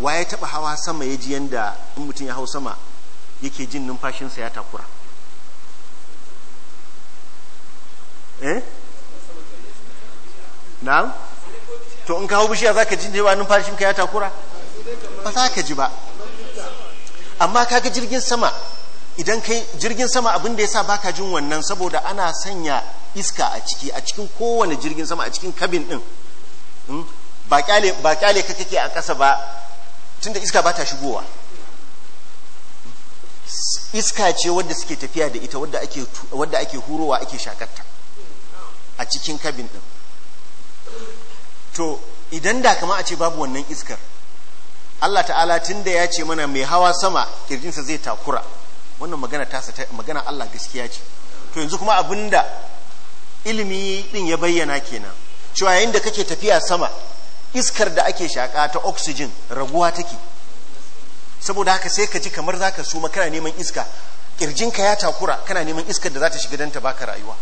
waye taba hawa sama ya ji yanda in mutum ya hau sama yake jin numfashinsa ya takura eh na'am to in ka hau bishiya zaka ji cewa ka ya takura ba za ka ji ba amma kaga jirgin sama idan kai jirgin sama abin da yasa baka jin wannan saboda ana sanya iska a ciki a cikin kowane jirgin sama a cikin kabin din hmm? ba kyale ba kyale ka kake a kasa ba tunda iska ba ta shigowa iska ce wadda suke tafiya da ita wadda ake wanda ake hurowa ake shakarta a cikin kabin ɗin to idan da kama a ce babu wannan iskar Allah ta'ala tun da ya ce mana mai hawa sama kirjinsa zai takura wannan magana tasa magana Allah gaskiya ce to yanzu kuma abin da ilimi din ya bayyana kenan cewa yayin da kake tafiya sama iskar da ake shaka ta oxygen raguwa take saboda haka sai ka ji kamar zaka suma kana neman iska kirjinka ya takura kana neman iskar da za ta shiga dan ta baka rayuwa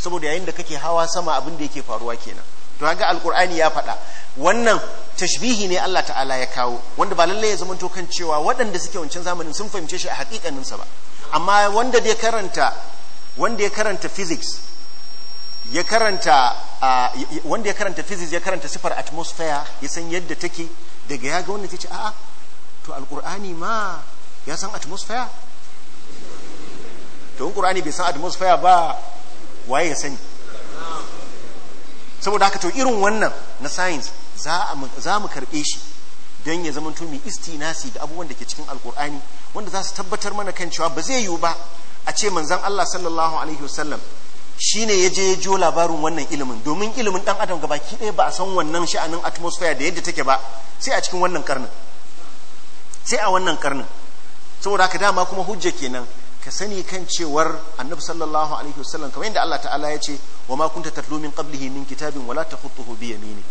saboda yayin da kake hawa sama abin da yake faruwa kenan to kaga alqur'ani ya faɗa wannan tashbihi ne Allah ta'ala ya kawo wanda ba lalle ya to kan cewa waɗanda suke wancan zamanin sun fahimce shi a haƙiƙanin sa ba amma wanda ya karanta wanda ya karanta physics ya karanta wanda ya karanta physics ya karanta sifar atmosphere ya san yadda take daga ya ga wanda ta ce a'a to alqur'ani ma ya san atmosphere to in qur'ani bai san atmosphere ba waye ya sani saboda haka to irin wannan na science za mu karɓe shi dan ya zama tumi istinasi da abubuwan da ke cikin alkur'ani wanda za su tabbatar mana kan cewa ba zai yiwu ba a ce manzon Allah sallallahu alaihi wasallam shine ya je ya jo labarin wannan ilimin domin ilimin dan adam gabaki ɗaya ba a san wannan sha'anin atmosphere da yadda take ba sai a cikin wannan karnin sai a wannan karnin saboda haka dama kuma hujja kenan ka sani kan cewar annabi sallallahu alaihi wasallam kamar yadda Allah ta'ala ya ce wa ma kunta tatlu min qablihi min kitabin wala takhutuhu bi yaminik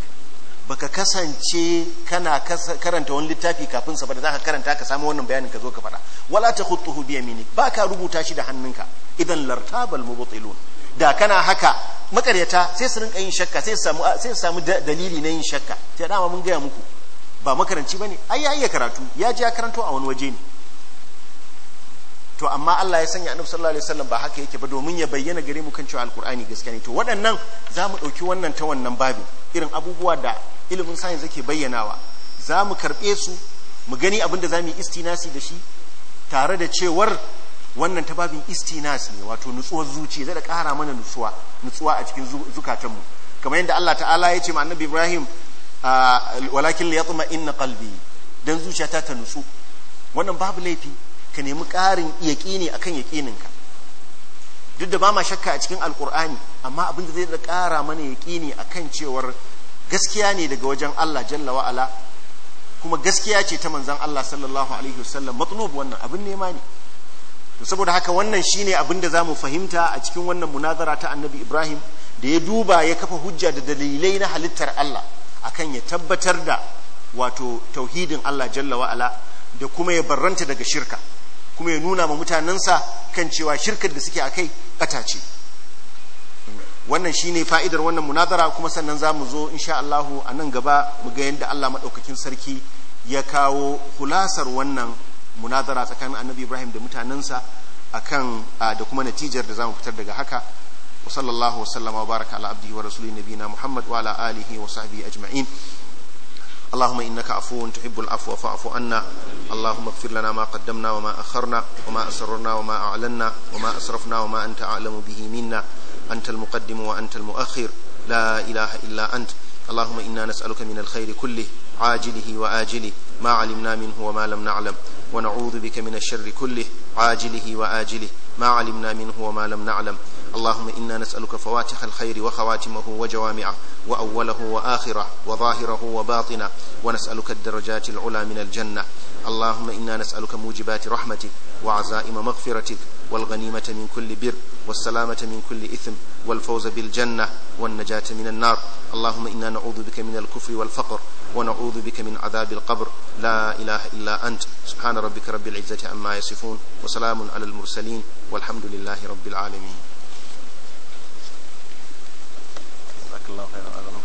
baka kasance kana karanta wani littafi kafin sa ba da zaka karanta ka samu wannan bayanin ka zo ka faɗa wala takhutuhu bi yaminik baka rubuta shi da hannunka idan lartabal mubtilun da kana haka makaryata sai su rinka yin shakka sai samu sai samu dalili na yin shakka sai dama mun gaya muku ba makaranci bane ai ya iya karatu ya je ya karanto a wani waje ne to amma Allah ya sanya annabi sallallahu alaihi wasallam ba haka yake ba domin ya bayyana gare mu kan cewa alqur'ani gaskiya ne to waɗannan za mu ɗauki wannan ta wannan babin irin abubuwa da ilimin science yake bayyanawa za mu karɓe su mu gani abin da za mu yi istinasi da shi tare da cewar wannan ta babin istinasi ne wato nutsuwar zuciya zai da ƙara mana nutsuwa nutsuwa a cikin zukatanmu kamar yadda Allah ta'ala ya ce ma annabi Ibrahim ah, walakin liyatma inna qalbi dan zuciyata ta nutsu wannan babu laifi ka nemi ƙarin yaƙini akan yaƙininka duk da ba ma shakka a cikin alƙur'ani amma abin da zai da ƙara mana yaƙini akan cewar gaskiya ne daga wajen Allah jalla wa'ala kuma gaskiya ce ta manzan Allah sallallahu alaihi wasallam matlub wannan abin nema ne to saboda haka wannan shine abin da za mu fahimta a cikin wannan munazara ta Annabi Ibrahim da ya duba ya kafa hujja da dalilai na halittar Allah akan ya tabbatar da wato tauhidin Allah jalla wa'ala da kuma ya barranta daga shirka kuma ya nuna ma mutanensa kan cewa shirkar da suke a kai bata ce wannan shi ne fa'idar wannan munazara kuma sannan za mu zo insha Allahu a nan gaba mu ga yadda Allah maɗaukakin sarki ya kawo hulasar wannan munazara tsakanin annabi Ibrahim da mutanensa akan da kuma natijar da za mu fitar daga haka wa sallallahu wa sallama wa baraka ala abdihi wa rasulih nabiyina Muhammad wa ala alihi wa sahbihi ajma'in اللهم إنك عفو تحب العفو فاعف عنا اللهم اغفر لنا ما قدمنا وما أخرنا وما أسررنا وما أعلنا وما أسرفنا وما أنت أعلم به منا أنت المقدم وأنت المؤخر لا إله إلا أنت اللهم إنا نسألك من الخير كله عاجله وآجله ما علمنا منه وما لم نعلم ونعوذ بك من الشر كله عاجله وآجله ما علمنا منه وما لم نعلم اللهم إنا نسألك فواتح الخير وخواتمه وجوامعه وأوله وآخره وظاهره وباطنه ونسألك الدرجات العلى من الجنة اللهم إنا نسألك موجبات رحمتك وعزائم مغفرتك والغنيمة من كل بر والسلامة من كل إثم والفوز بالجنة والنجاة من النار اللهم إنا نعوذ بك من الكفر والفقر ونعوذ بك من عذاب القبر لا إله إلا أنت سبحان ربك رب العزة عما يصفون وسلام على المرسلين والحمد لله رب العالمين اللہ خیر